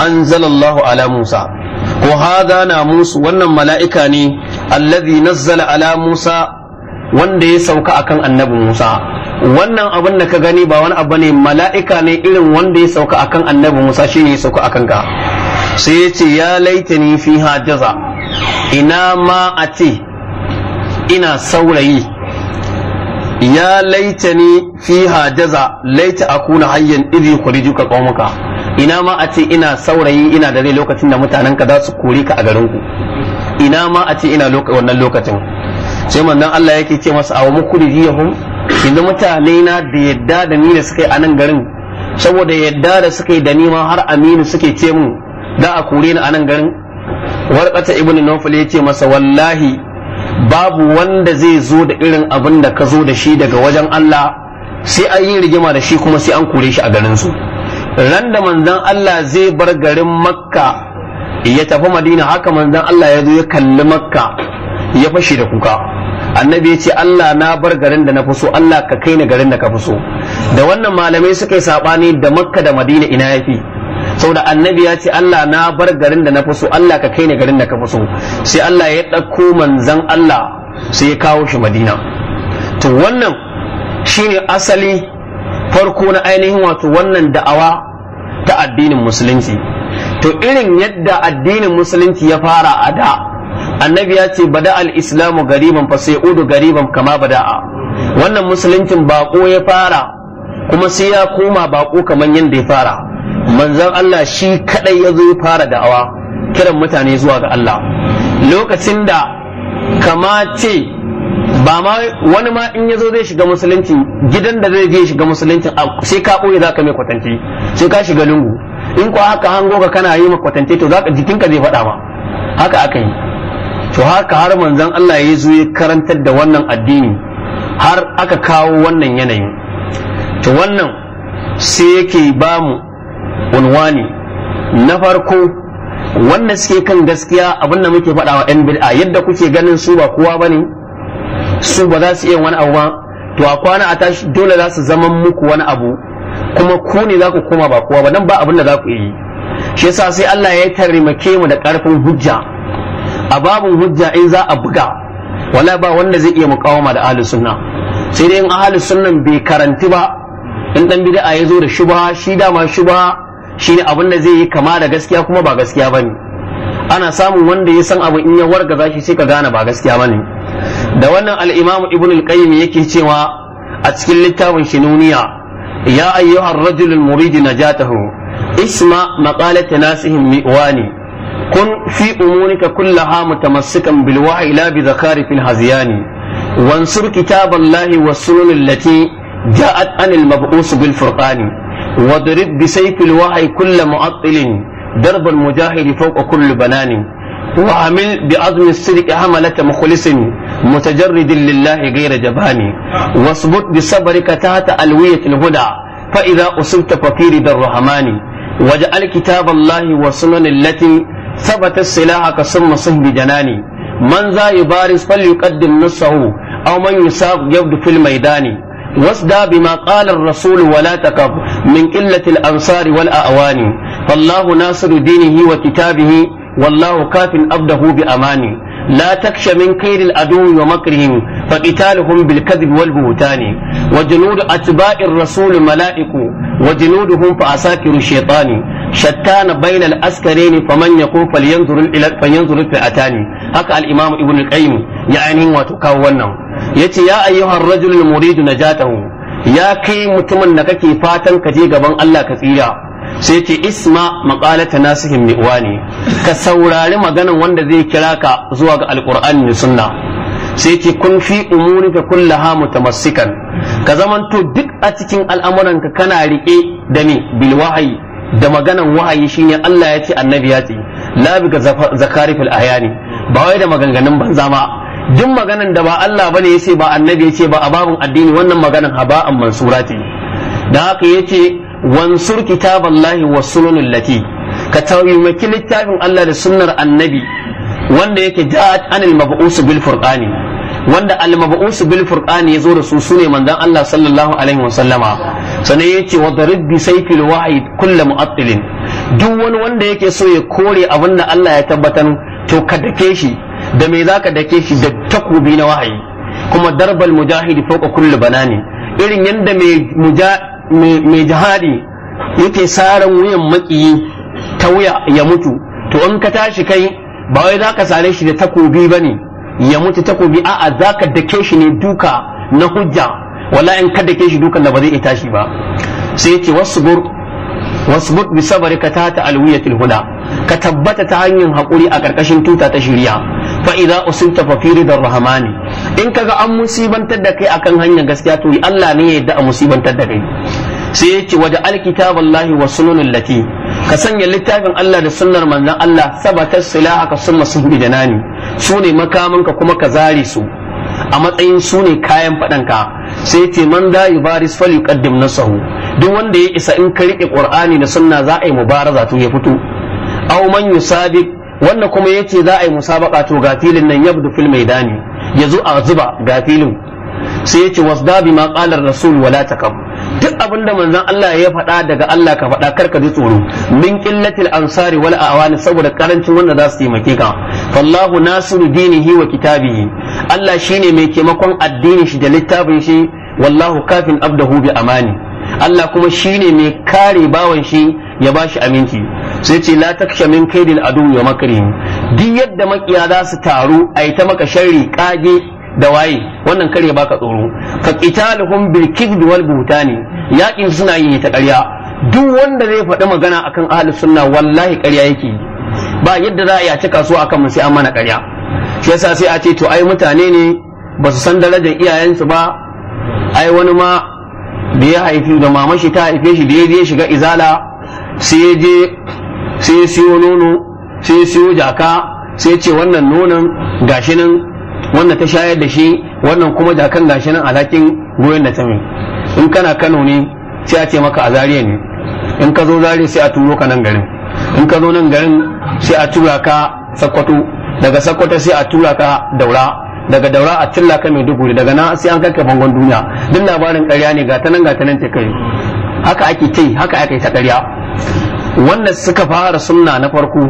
A: anzalallahu ala musa ko hadha namusu wannan mala'ika ne nazzala ala musa wanda ya sauka akan annabi Musa wannan abin da ka gani ba wani abu ne mala'ika ne irin wanda ya sauka akan annabi Musa shine ya sauka akan ka sai ya ce ya laita ni fi hajjaza ina ma a ce ina saurayi ya laita ni fi hajjaza laita a akuna hayyan idhi khurijuka qaumaka ina ma a ce ina saurayi ina dare lokacin da mutanen ka za su kori ka a garin ku ina ma a ce ina wannan lokacin sai mandan Allah yake ce masa awa mukhriji yanzu mutane na da yadda da ni da suka yi a nan garin saboda yadda da suka yi da ni ma har aminu suke ce mun da a kore ni a nan garin warqata ibnu nawfal ya ce masa wallahi babu wanda zai zo da irin abin da ka zo da shi daga wajen Allah sai an yi rigima da shi kuma sai an kure shi a garin su ran da manzon Allah zai bar garin makka ya tafi madina haka manzon Allah ya zo ya kalli makka ya fashe da kuka annabi ya ce Allah na bar garin da na fi so Allah ka kai ni garin da ka fi so da wannan malamai suka yi sabani da makka da madina ina yafi saboda annabi ya ce Allah na bar garin da na fi so Allah ka kai ni garin da ka fi so sai Allah ya ɗauko manzan Allah sai ya kawo shi Madina to wannan shine asali farko na ainihin wato wannan da'awa ta addinin musulunci to irin yadda addinin musulunci ya fara a da annabi ya ce bada al-islamu gariban fa sai udu gariban kama bada'a wannan musuluncin bako ya fara kuma sai ya koma bako kamar yadda ya fara manzon Allah shi kadai ya zo ya fara da'awa kiran mutane zuwa ga Allah lokacin da kama ce ba ma wani ma in ya zo zai shiga musulunci gidan da zai je shiga musulunci sai ka boye za ka mai kwatance sai ka shiga lungu in ko haka hango ka kana yi ma kwatance to za ka zai faɗa ma haka aka yi to haka har manzon Allah ya zo ya karantar da wannan addini har aka kawo wannan yanayin to wannan sai yake bamu. unwani na farko wanda suke kan gaskiya abin da muke faɗawa 'yan bid'a yadda kuke ganin su ba kowa ba ne su ba za su iya wani abu ba to a kwana a tashi dole za su zama muku wani abu kuma ku ne za ku koma ba kowa ba nan ba abin da za ku yi shi yasa sai Allah ya tarimake mu da karfin hujja a babu hujja in za a buga wala ba wanda zai iya mukawama da ahli sunna sai dai in ahli sunnan bai karanti ba in dan bid'a ya zo da shubha shi da ma shubha shine abin da zai yi kama da gaskiya kuma ba gaskiya bane ana samun wanda ya san abu in ya za shi sai ka gane ba gaskiya bane da wannan Al'imamu imam Ibn al-Qayyim yake cewa a cikin littafin Shinuniya ya ayyuhar rajul murid najatahu isma maqalat nasihim miwani kun fi umurika kullaha mutamassikan bil wahyi la bi zakari fil haziyani wansur kitaballahi wa sunan allati ja'at anil mab'us bil furqani واضرب بسيف الوعي كل معطل درب المجاهد فوق كل بنان وعمل بعظم الصدق حملة مخلص متجرد لله غير جبان واصبت بصبرك تحت ألوية الهدى فإذا أصبت ففي رضا الرحمن واجعل كتاب الله وسنن التي ثبت سلاحك ثم صهب جناني من ذا يبارز فليقدم نصه أو من يساق يبدو في الميدان واسدى بما قال الرسول ولا تكف من قلة الأنصار والأعوان فالله ناصر دينه وكتابه والله كاف أبده بأمانه لا تكش من كيد العدو ومكرهم فقتالهم بالكذب والبهتان وجنود أتباع الرسول ملائك وجنودهم فعساكر الشيطان shattana bainal askare ne yaqu falyanzur ila falyanzur fi'atani haka al-imam ibn al-qayyim ya ainihin wato kawo wannan yace ya ayyuhar rajul muridu najatahu ya kai mutumin da kake fatan ka je gaban Allah ka tsira sai ce isma maqalata uwa ne. ka saurari maganan wanda zai kira ka zuwa ga alqur'ani da sunna sai ce kun fi umuri ka ta mutamassikan ka zamanto duk a cikin al'amuranka kana riƙe da ni bil wahayi da maganan wahayi shine Allah ya ce annabi ya ce la bi zakari fil ayani ba wai da maganganun banza ma duk maganan da ba Allah bane yace ba annabi yace ba a babun addini wannan maganan haba'an mansura ce da haka yace wansur kitaballahi was lati ka maki littafin Allah da sunnar annabi wanda yake ja'at anil mab'us bil furqani wanda al-mab'us bil furqan yazo da su sune manzon Allah sallallahu alaihi wasallama sannan yace wa darib bi sayfil wahid kullu mu'attilin duk wani wanda yake so ya kore abin da Allah ya tabbatar to ka dake shi da me zaka dake shi da takubi na wahayi kuma darbal mujahidi fawqa kulli banani irin yanda mai mai jihadi yake saran wuyan makiyi ta wuya ya mutu to in ka tashi kai ba wai zaka sare shi da takobi bane ya mutu takobi a'a zaka dake shi ne duka na hujja wala in ka dake shi dukan da ba zai iya tashi ba sai yace wasbur wasbur bi ka ta ta alwiyatul huda ka tabbata ta hanyar hakuri a karkashin tuta ta shiriya fa idza usinta fa fi ridar rahmani in kaga an musibantar da kai akan hanyar gaskiya to Allah ne ya yarda a musibantar da kai sai yake waje alkitaballahi wa sunanul lati ka sanya littafin Allah da sunnar manzon Allah sabatar silaha ka summa sun bi nani. su ne makamanka ka kuma ka zare su a matsayin su ne kayan fadan ka sai ce man da yubaris fal yuqaddim nasahu duk wanda ya isa in ka rike qur'ani da sunna za a yi mubaraza to ya fito aw man yusabiq wanda kuma ya ce za a yi musabaka to ga filin nan yabdu fil maidani zo a zuba ga filin sai yace wasda ma qala rasul wala takam duk abin da manzon Allah ya faɗa daga Allah ka faɗa kar ka ji tsoro min qillatil ansari wal awani saboda karancin wanda za su taimake ka fallahu nasiru dinihi wa kitabihi Allah shine mai taimakon addinin shi da littafin shi wallahu kafin abdahu bi amani Allah kuma shine mai kare bawan shi ya bashi aminci sai ce la taksha min kaidil adu wa makrin duk yadda makiya za su taru a yi ta maka sharri kage da waye wannan kare baka tsoro fa qitaluhum bil kibd wal buhtani yakin suna yin ta ƙarya duk wanda zai faɗi magana akan ahlus sunna wallahi ƙarya yake ba yadda za a iya cika su akan mun sai an mana ƙarya shi yasa sai a ce to ai mutane ne ba su san darajar iyayensu ba ai wani ma da ya haifi da mamashi ta haife shi da ya je shiga izala sai ya je sai ya siyo nono sai ya siyo jaka sai ce wannan nonon gashi nan wannan ta shayar da shi wannan kuma jakan gashi nan alhakin goyon da tsami in kana kano ne sai a ce maka a zariya ne in ka zo zariya sai a turo ka nan garin in ka zo nan garin sai a tura ka sakwato daga sakwato sai a tura ka daura daga daura a tilla ka mai duguri daga nan sai an kakka bangon duniya duk labarin karya ne ga ta nan ga ta nan ta kai haka ake tai haka ake ta karya wannan suka fara sunna na farko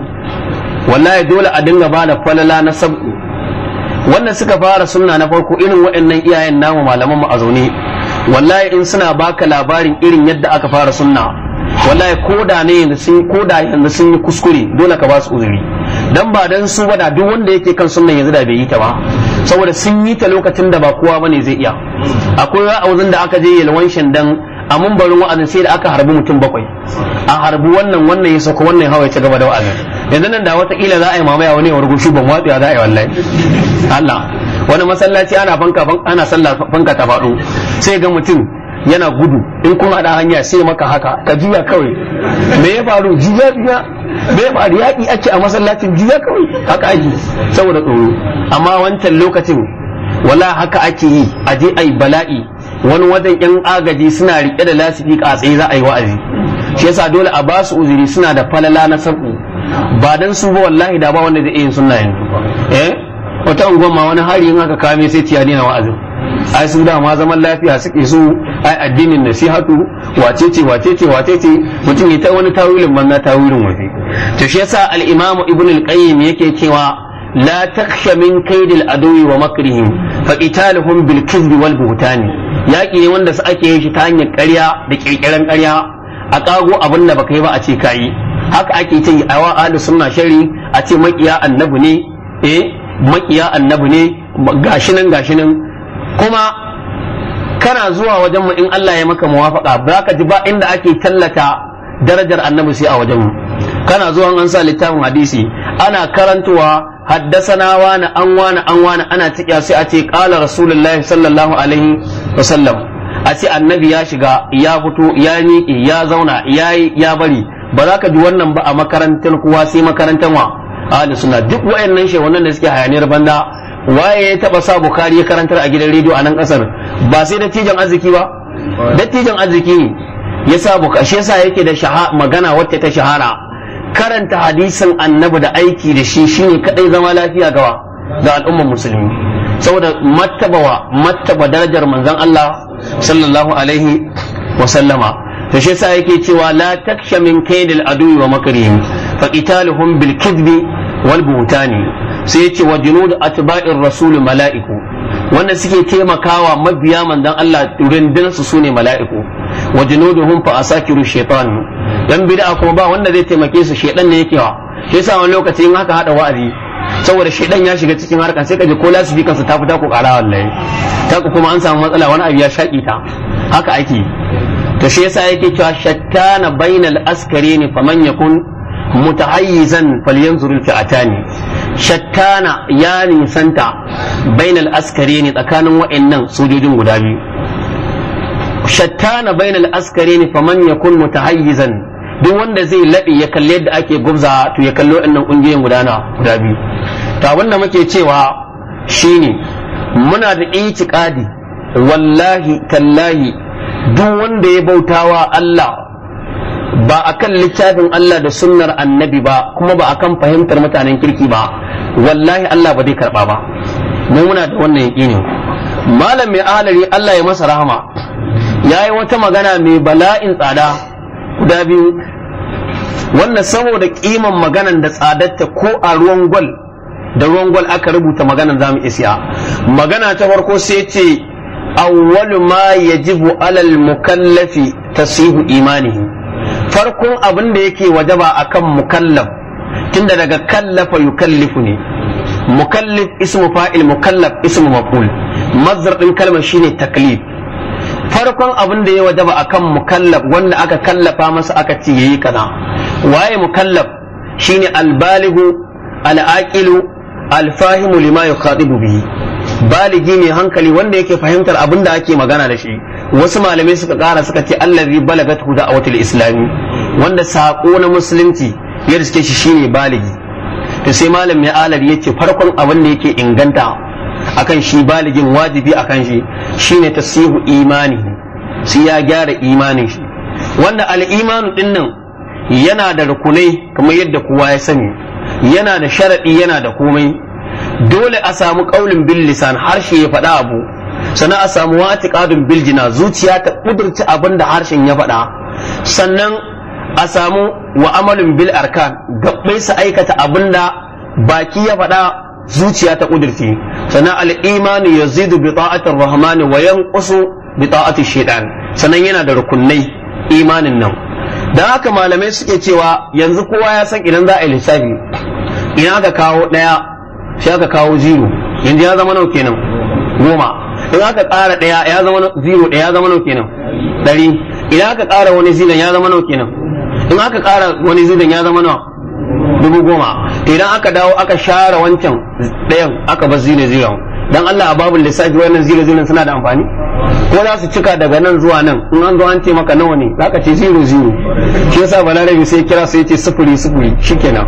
A: wallahi dole a dinga ba da falala na sabu wannan suka fara sunna na farko irin waɗannan iyayen namu malaman mu a zaune wallahi in suna baka labarin irin yadda aka fara sunna wallahi ko da ne yanzu sun ko da yanzu sun yi kuskure dole ka ba su uzuri dan ba dan su bada duk wanda yake kan sunnan yanzu da bai yi ta ba saboda sun yi ta lokacin da ba kowa bane zai iya akwai wa'azin da aka je yalwan dan. a mumbarin wa'azin sai da aka harbi mutum bakwai a harbi wannan wannan ya sako wannan hawa ya ci gaba da wa'azin yanzu nan da watakila za a yi mamaya wani yawar gushu ban watsuwa za a yi wallahi Allah wani masallaci ana fanka ana sallah fanka ta faɗo sai ga mutum yana gudu in kun da hanya sai maka haka ka juya kawai me ya faru juya juya me ya faru yaƙi ake a masallacin juya kawai haka ake saboda tsoro amma wancan lokacin wala haka ake yi a je ai bala'i wani wajen yan agaji suna rike da lasifi a tsaye za a yi wa'azi shi yasa dole a basu uzuri suna da falala na sarku ba dan su ba wallahi da ba wanda zai yin sunna yanzu eh wata unguwa ma wani hari in aka kame sai ne na wa'azin ai su dama zaman lafiya suke so ai addinin nasihatu wacece wacece wacece mutum ya ta wani tawilin banna tawilin wafi to shi yasa al-imamu ibn al-qayyim yake cewa la تخش min kaidil aduwi ومكرهم فقتالهم fa والبهتان bil yaki ne wanda su ake yin shi ta hanyar ƙarya da kirkiran ƙarya a kago abin da baka yi ba a ce kayi haka ake ce a wa ahlus sunna shari a ce makiya annabi ne eh makiya annabi ne gashi nan gashi nan kuma kana zuwa wajen mu in Allah ya maka muwafaka ba ka ji ba inda ake tallata darajar annabi sai a wajen mu kana zuwa an sa littafin hadisi ana karantuwa حدثنا وانا ان وانا ان وانا ana تيا sai a ce kala الله sallallahu alaihi عليه a ce annabi ya shiga ya fito ya miƙe ya zauna ya yi ya bari ba za ka ji wannan ba a makarantar kuwa sai makarantar wa ahli sunna duk wayannan wannan da suke hayaniyar banda waye ya taba sa bukari ya karantar a gidan rediyo a nan kasar ba sai dattijan arziki ba dattijan arziki ya sa bukari shi yasa yake da magana wacce ta shahara karanta hadisin annabi da aiki da shi shine kadai zama lafiya gawa ga al'ummar musulmi saboda mattabawa mattaba darajar manzon Allah sallallahu alaihi wa sallama to shi yasa yake cewa la taksha min kaydil adu wa makrihim fa qitaluhum bil kidbi wal buhtani sai yace wa junud atba'ir rasul mala'iku wannan suke taimakawa mabiya manzon Allah rundunarsu sune mala'iku wa junuduhum fa asakiru shaytan dan bid'a kuma ba wanda zai taimake su shedan ne yake wa shi yasa wani lokaci in haka hada wa'azi saboda shedan ya shiga cikin harka sai kaje ko lasifikan su ta fita ku kara wallahi ta ku kuma an samu matsala wani abu ya shaki ta haka ake to shi yasa yake cewa shattana bainal askari ne faman yakun mutahayyizan falyanzur al fi'atani shattana ya nisanta bainal askari ne tsakanin wa'annan sojojin guda biyu shattana bainal askari ne faman yakun mutahayyizan duk wanda zai laɓe ya kalli yadda ake gubza to ya kalli waɗannan ƙungiyoyin gudana guda biyu ta wanda muke cewa shine muna da itikadi wallahi tallahi duk wanda ya bautawa Allah ba akan littafin Allah da sunnar annabi ba kuma ba a kan fahimtar mutanen kirki ba wallahi Allah ba zai karɓa ba mu muna da wannan yaƙini malam mai alari Allah ya masa rahama yayi wata magana mai bala'in tsada guda biyu wannan saboda kiman maganan da tsadatta ko a ruwan gwal da ruwan gwal aka rubuta maganan zamu isiya magana ta farko sai ce awwal ma yajibu alal mukallafi tasihu imanihi farkon abin da yake wajaba akan mukallaf tunda daga kallafa yukallifu ne mukallif ismu fa'il mukallaf ismu maf'ul mazdar din kalmar shine taklif farkon abin da ya wajaba akan mukallaf wanda aka kallafa masa aka ce yayi kaza waye mukallaf shine albaligu al'aqilu alfahimu lima yukhatibu bihi baligi mai hankali wanda yake fahimtar abin da ake magana da shi wasu malamai suka kara suka ce allazi balagat a watan islami wanda sako na musulunci ya riske shi shine baligi to sai malam ya ce yace farkon abin da yake inganta akan shi baligin wajibi akan shi shine tasihu imani sai ya gyara imanin shi Wanda al'imanu din nan yana da rukunai kamar yadda kowa ya sani yana da sharaɗi yana da komai dole a samu ƙaulin bil lisan harshe ya faɗa abu sannan a samu watiqadun bil jina zuciya ta ƙudurci abinda harshen ya faɗa sannan a samu wa amalin bil arkan gabbai su aikata abin da baki ya faɗa zuciya ta kudurti sannan al-imani yazidu bi ta'atir rahmani wa yanqusu bi ta'ati shaytan sannan yana da rukunnai imanin nan da haka malamai suke cewa yanzu kowa ya san idan za a yi lissafi idan aka kawo daya sai aka kawo zero yanzu ya zama nau kenan goma idan aka ƙara daya ya zama zero daya ya zama nau kenan dari idan aka ƙara wani zidan ya zama nau kenan idan aka ƙara wani zidan ya zama nawa dubu goma idan aka dawo aka share wancan ɗayan aka bar zile zira dan Allah a babul lissafi wannan zira zira suna da amfani ko za su cika daga nan zuwa nan in an zo an ce maka nawa ne zaka ce zero zero shi yasa balarabi sai kira sai ce sufuri sifiri shikenan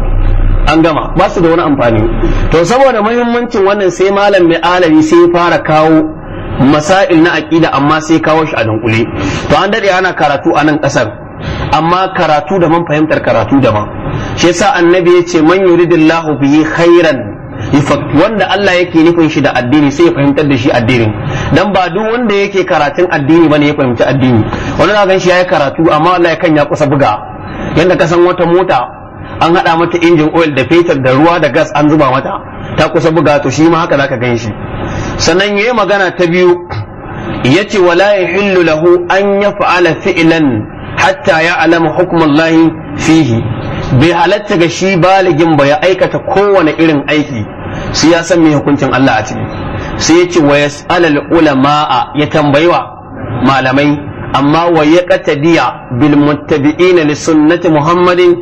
A: an gama ba su da wani amfani to saboda muhimmancin wannan sai malam mai alami sai fara kawo masail na aƙida amma sai kawo shi a dunkule to an daɗe ana karatu a nan ƙasar amma karatu daban fahimtar karatu daban shi yasa annabi ya ce man yuridillahu bihi khairan wanda Allah yake nufin shi da addini sai ya fahimtar da shi addinin dan ba duk wanda yake karatun addini bane ya fahimci addini wani na gan shi yayi karatu amma Allah ya kan ya kusa buga yanda ka san wata mota an hada mata injin oil da fetur da ruwa da gas an zuba mata ta kusa buga to shi ma haka zaka gan shi sannan yayi magana ta biyu yace wala yahillu lahu an yaf'ala fi'lan hatta ya'lama hukmullahi fihi bai halatta ga shi baligin ba ya aikata kowane irin aiki sai ya san mai hukuncin Allah a ciki sai ya ce wa alal ulama'a ya wa? malamai amma wa ya qatadiya bil muttabi'ina li sunnati muhammadin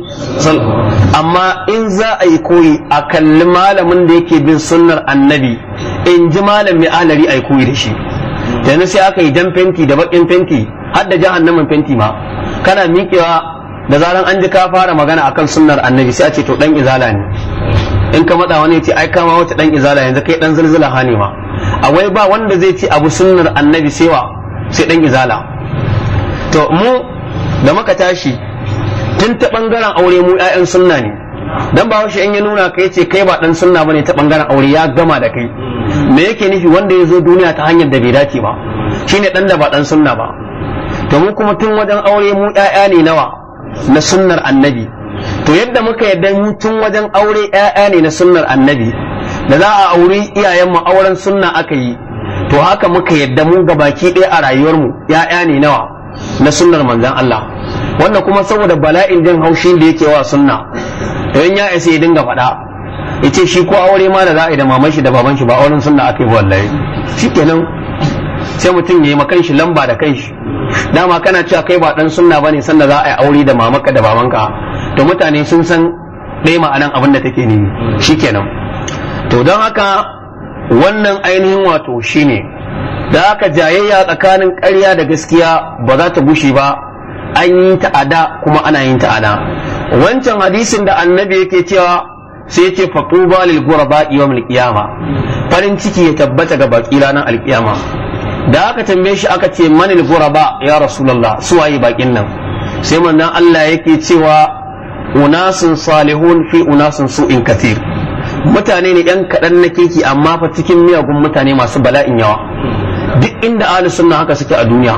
A: amma in za a yi koyi a kalli malamin da yake bin sunnar annabi in ji malami alari a yi koyi da shi yanzu sai aka yi jan fenti da bakin fenti har da jahannamin fenti ma kana miƙewa da zaran an ji ka fara magana akan sunnar annabi sai a ce to dan izala ne in ka matsa wani ce ai kama wata dan izala yanzu kai dan zulzula hane ma awai ba wanda zai ci abu sunnar annabi sewa sai dan izala to mu da muka tashi tun ta bangaren aure mu ƴaƴan sunna ne dan ba shi in ya nuna kai ce kai ba dan sunna bane ta bangaren aure ya gama da kai me yake nufi wanda ya zo duniya ta hanyar da bai dace ba shine dan da ba dan sunna ba to mu kuma tun wajen aure mu ƴaƴa ne nawa na sunnar annabi to yadda muka yadda tun wajen aure 'ya'ya ne na sunnar annabi da za a auri iyayen mu auren sunna aka yi to haka muka yadda mu ga baki ɗaya a rayuwarmu 'ya'ya ne nawa na sunnar manzon Allah wannan kuma saboda bala'in jin haushin da yake wa sunna to in ya isa ya dinga faɗa yace shi ko aure ma da za a yi da maman shi da baban shi ba auren sunna aka yi wallahi shikenan sai mutum ya yi makanshi kanshi lamba da kai dama kana cewa kai ba dan sunna ne sanda za a yi aure da mamaka da babanka to mutane sun san ɗaya ma'anan abin da take shi kenan. to don haka wannan ainihin wato shi ne, da haka jayayya tsakanin ƙarya da gaskiya ba za ta gushe ba an yi ta'ada kuma ana yin ta'ada wancan hadisin da annabi yake cewa sai yake faquba lil ghuraba yawm al farin ciki ya tabbata ga baƙi ranar alƙiyama. da aka tambaye shi aka ce manil guraba ya rasulullah waye bakin nan sai manzon Allah yake cewa unasun salihun fi unasun su'in katir mutane ne yan kaɗan na keki amma fa cikin miyagun mutane masu bala'in yawa duk inda ahli sunna haka suke a duniya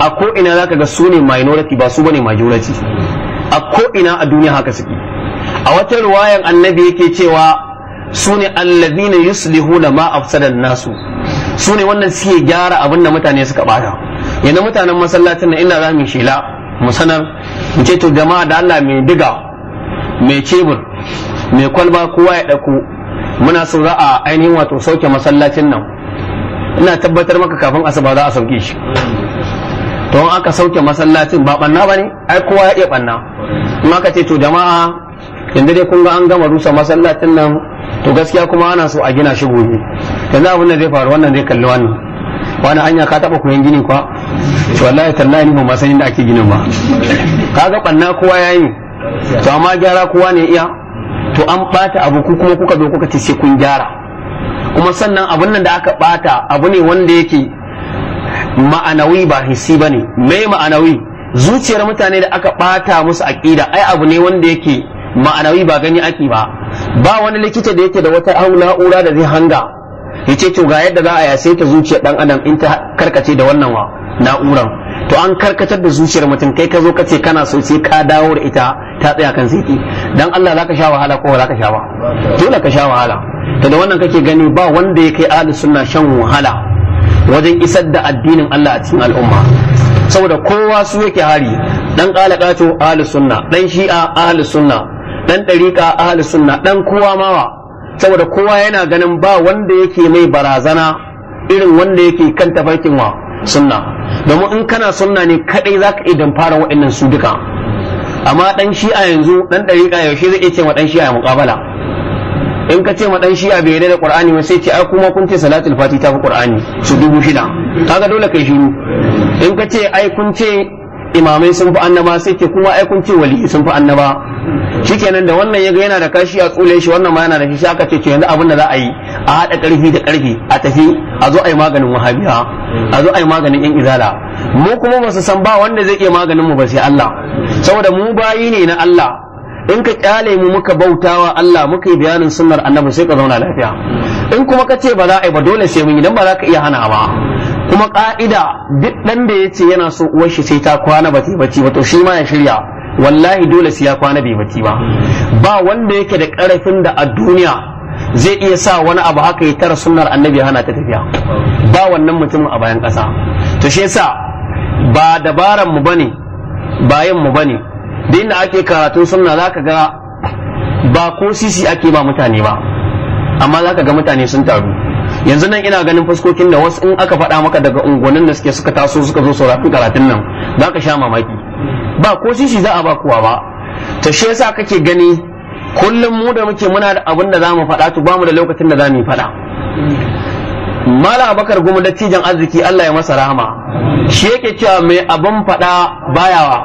A: a ko ina zaka ga su ne minority ba su bane majority a ko ina a duniya haka suke a wata ruwayan annabi yake cewa su ne allazina yuslihuna ma afsada nasu su ne wannan suke gyara abin da mutane suka bata yana mutanen masallacin na ina za mu shela mu sanar mu ce to jama'a da Allah mai diga mai cebur mai kwalba kowa ya ɗauko muna so za a ainihin wato sauke masallacin nan ina tabbatar maka kafin asuba za a sauke shi to aka sauke masallacin ba banna bane ai kowa ya iya banna in aka ce to jama'a yanzu dai kun ga an gama rusa masallacin nan to gaskiya kuma ana so a gina shi gobe yanzu abin da zai faru wannan zai kalli wannan wani hanya ka taba koyan gini kwa to wallahi tallahi ni ba ma sanin da ake ginin ba kaga banna kowa yayi to amma gyara kowa ne iya to an bata abu ku kuma kuka zo kuka ce sai kun gyara kuma sannan abun nan da aka bata abu ne wanda yake ma'anawi ba hissi bane mai ma'anawi zuciyar mutane da aka bata musu aqida ai abu ne wanda yake ma'anawi ba gani aki ba ba wani likita da yake da wata na'ura da zai hanga ya ce to ga yadda za a yase ta zuciyar dan adam in ta karkace da wannan wa na'uran to an karkatar da zuciyar mutum kai ka zo ka ce kana so sai ka dawo da ita ta tsaya kan sai dan Allah zaka sha wahala ko zaka sha ba dole ka sha wahala to da wannan kake gani ba wanda ya kai sunna shan wahala wajen isar da addinin Allah a cikin al'umma saboda kowa su yake hari dan kalakato ahli sunna dan shi'a ahli sunna dan ɗariƙa ahli sunna dan kowa mawa saboda kowa yana ganin ba wanda yake mai barazana irin wanda yake kan tafarkin wa sunna domin in kana sunna ne kadai zaka idan fara waɗannan su duka amma dan shi'a yanzu dan ɗariƙa yaushe zai iya ce ma dan shi'a muqabala in ka ce ma dan shi'a bai da qur'ani ba sai ce ai kuma kun ce salatul fati ta fi qur'ani su dubu shida kaga dole kai shiru in ka ce ai kun ce imamai sun fi annaba sai ke kuma aikun ce wali sun fi annaba shikenan da wannan yaga yana da kashi a tsule shi wannan ma yana da shi aka ce to yanzu abin da za a yi a haɗa ƙarfi da karfi a tafi a zo a maganin wahabiya a zo a yi maganin yan izala mu kuma ba su san ba wanda zai iya maganin mu ba sai Allah saboda mu bayi ne na Allah in ka kyale mu muka bautawa Allah muka yi bayanin sunnar annabi sai ka zauna lafiya in kuma ka ce ba za a yi ba dole sai mun yi dan ba za ka iya hana ba kuma ƙa'ida duk dan ya ce yana so uwar shi sai ta kwana ba ta bacci ba to shi ma ya shirya wallahi dole sai ya kwana bai bacci ba ba wanda yake da karfin da a duniya zai iya sa wani abu haka ya tara sunnar annabi hana ta tafiya ba wannan mutumin a bayan ƙasa to shi yasa ba dabaran mu bane bayan mu bane da inda ake karatun sunna zaka ga ba ko sisi ake ba mutane ba amma zaka ga mutane sun taru yanzu nan ina ganin fuskokin da wasu in aka faɗa maka daga unguwannin da suke suka taso suka zo saurafin karatun nan za ka sha mamaki ba ko shi za a ba kuwa ba tashe shi yasa kake gani kullum mu da muke muna da abin da za mu faɗa to ba mu da lokacin da za yi faɗa mala bakar gumu dattijan arziki Allah ya masa rahama shi yake cewa mai abin faɗa bayawa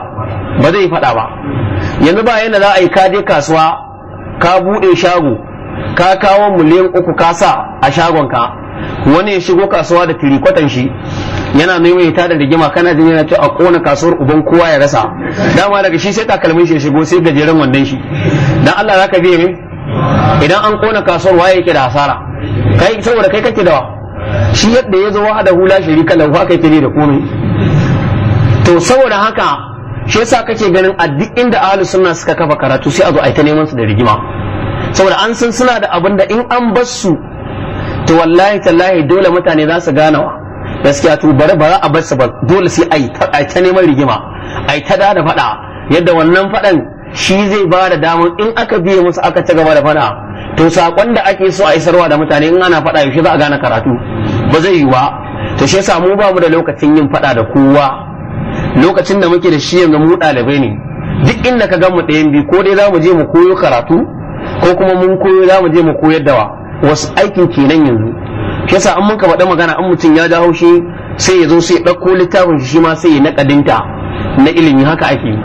A: ba zai faɗa ba yanzu ba yana za a yi kaje kasuwa ka buɗe shago ka kawo miliyan uku ka sa a shagonka wani ya shigo kasuwa da tirikwatan shi yana maimaita da rigima kana jin yana cewa a kona kasuwar uban kowa ya rasa dama daga shi sai takalmin shi ya shigo sai gajeren wandon shi dan Allah zaka biye min idan an kona kasuwar waye yake da hasara kai saboda kai kake da shi yadda ya zo da hula shirika lahu kai yake da komai to saboda haka shi yasa kake ganin a duk inda ahlus sunna suka kafa karatu sai a zo a yi ta neman su da rigima saboda an san suna da abin da in an bar su to wallahi tallahi dole mutane za su ganawa gaskiya to bari za a bar su ba dole sai ai ta neman rigima ai ta da faɗa yadda wannan faɗan shi zai ba da damar in aka biye musu aka ci gaba da faɗa to sakon da ake so a isarwa da mutane in ana faɗa yaushe za a gane karatu ba zai yi ba to shi yasa mu ba mu da lokacin yin faɗa da kowa lokacin da muke da shi yanzu mu dalibai ne duk inda ka gan mu ɗayan biyu ko dai za mu je mu koyo karatu ko kuma mun koyo za mu je mu koyar da wa wasu aikin kenan yanzu shi yasa an muka faɗa magana an mutum ya ja haushi sai ya zo sai ya ɗauko littafin shi ma sai ya naƙadinta na ilimi haka ake yi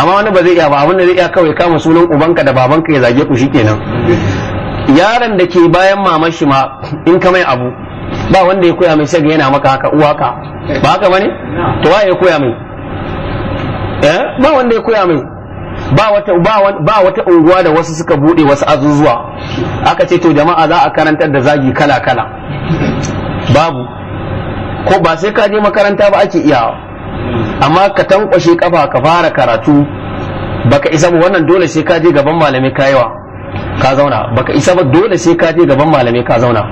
A: amma wani ba zai iya ba abin da zai iya kawai kama sunan ubanka da babanka ya zage ku shi kenan yaron da ke bayan mamar shi ma in ka mai abu ba wanda ya koya mai sai yana maka haka uwaka ba haka bane to wa ya koya mai eh ba wanda ya koya mai ba wata ba wata unguwa da wasu suka bude wasu azuzuwa aka ce to jama'a za a karantar da zagi kala kala babu ko ba sai ka je makaranta ba ake iya amma ka tankwashe kafa ka fara karatu baka isa ba wannan dole sai ka je gaban malami yawa ka zauna baka isa ba dole sai ka je gaban malami ka zauna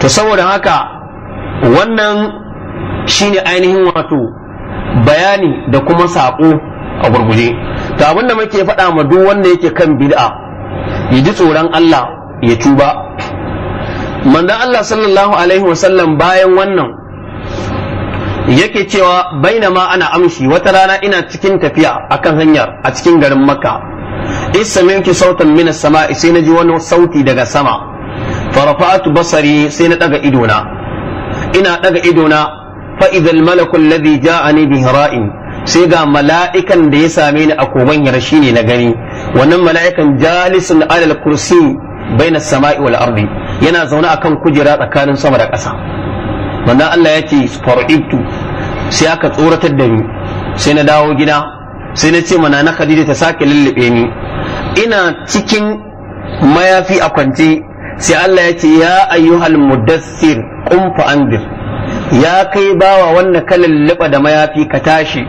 A: to saboda haka wannan shine ainihin wato bayani da kuma sako a gurguje to abinda muke faɗa ma duk wanda yake kan bid'a ya ji tsoron Allah ya tuba manzon Allah sallallahu alaihi wasallam bayan wannan yake cewa bainama ana amshi wata rana ina cikin tafiya akan hanyar a cikin garin makka isaminki sautan min sama'i sai na ji wani sauti daga sama farafatu basari sai na daga idona ina daga idona fa idhal malakul ladhi ja'ani bi sai ga mala'ikan da ya same ni a koban yar ne na gani wannan mala'ikan jalisun alal kursi baina sama'i wal ardi yana zaune akan kujera tsakanin sama da ƙasa wannan Allah ya ce far'ibtu sai aka tsoratar da ni sai na dawo gida sai na ce mana na Khadija ta sake lullube ni ina cikin mayafi a kwance sai Allah ya ce ya ayyuhal mudassir ƙumfa fa andir ya kai bawa wannan ka lulluɓa da mayafi ka tashi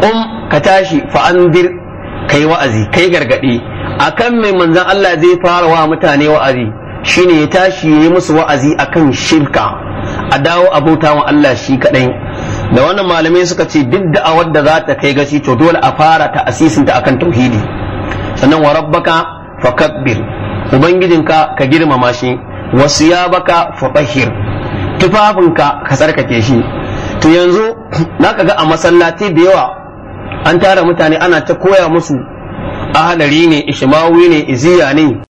A: kum ka tashi fa anzir kai wa'azi kai gargadi akan mai manzan Allah zai fara wa mutane wa'azi shine ya tashi yayi musu wa'azi akan shirka a dawo abota wa Allah shi kaɗai. da wannan malamai suka ce duk da a wadda za ta kai gashi to dole a fara ta asisinta akan tauhidi sannan wa rabbaka fakabbir ubangijinka ka girmama shi wasu ya baka fatahir tufafinka ka sarkake shi to yanzu naka ga a masallaci da yawa an tara mutane ana ta koya musu hadari ne ishmawi ne iziya ne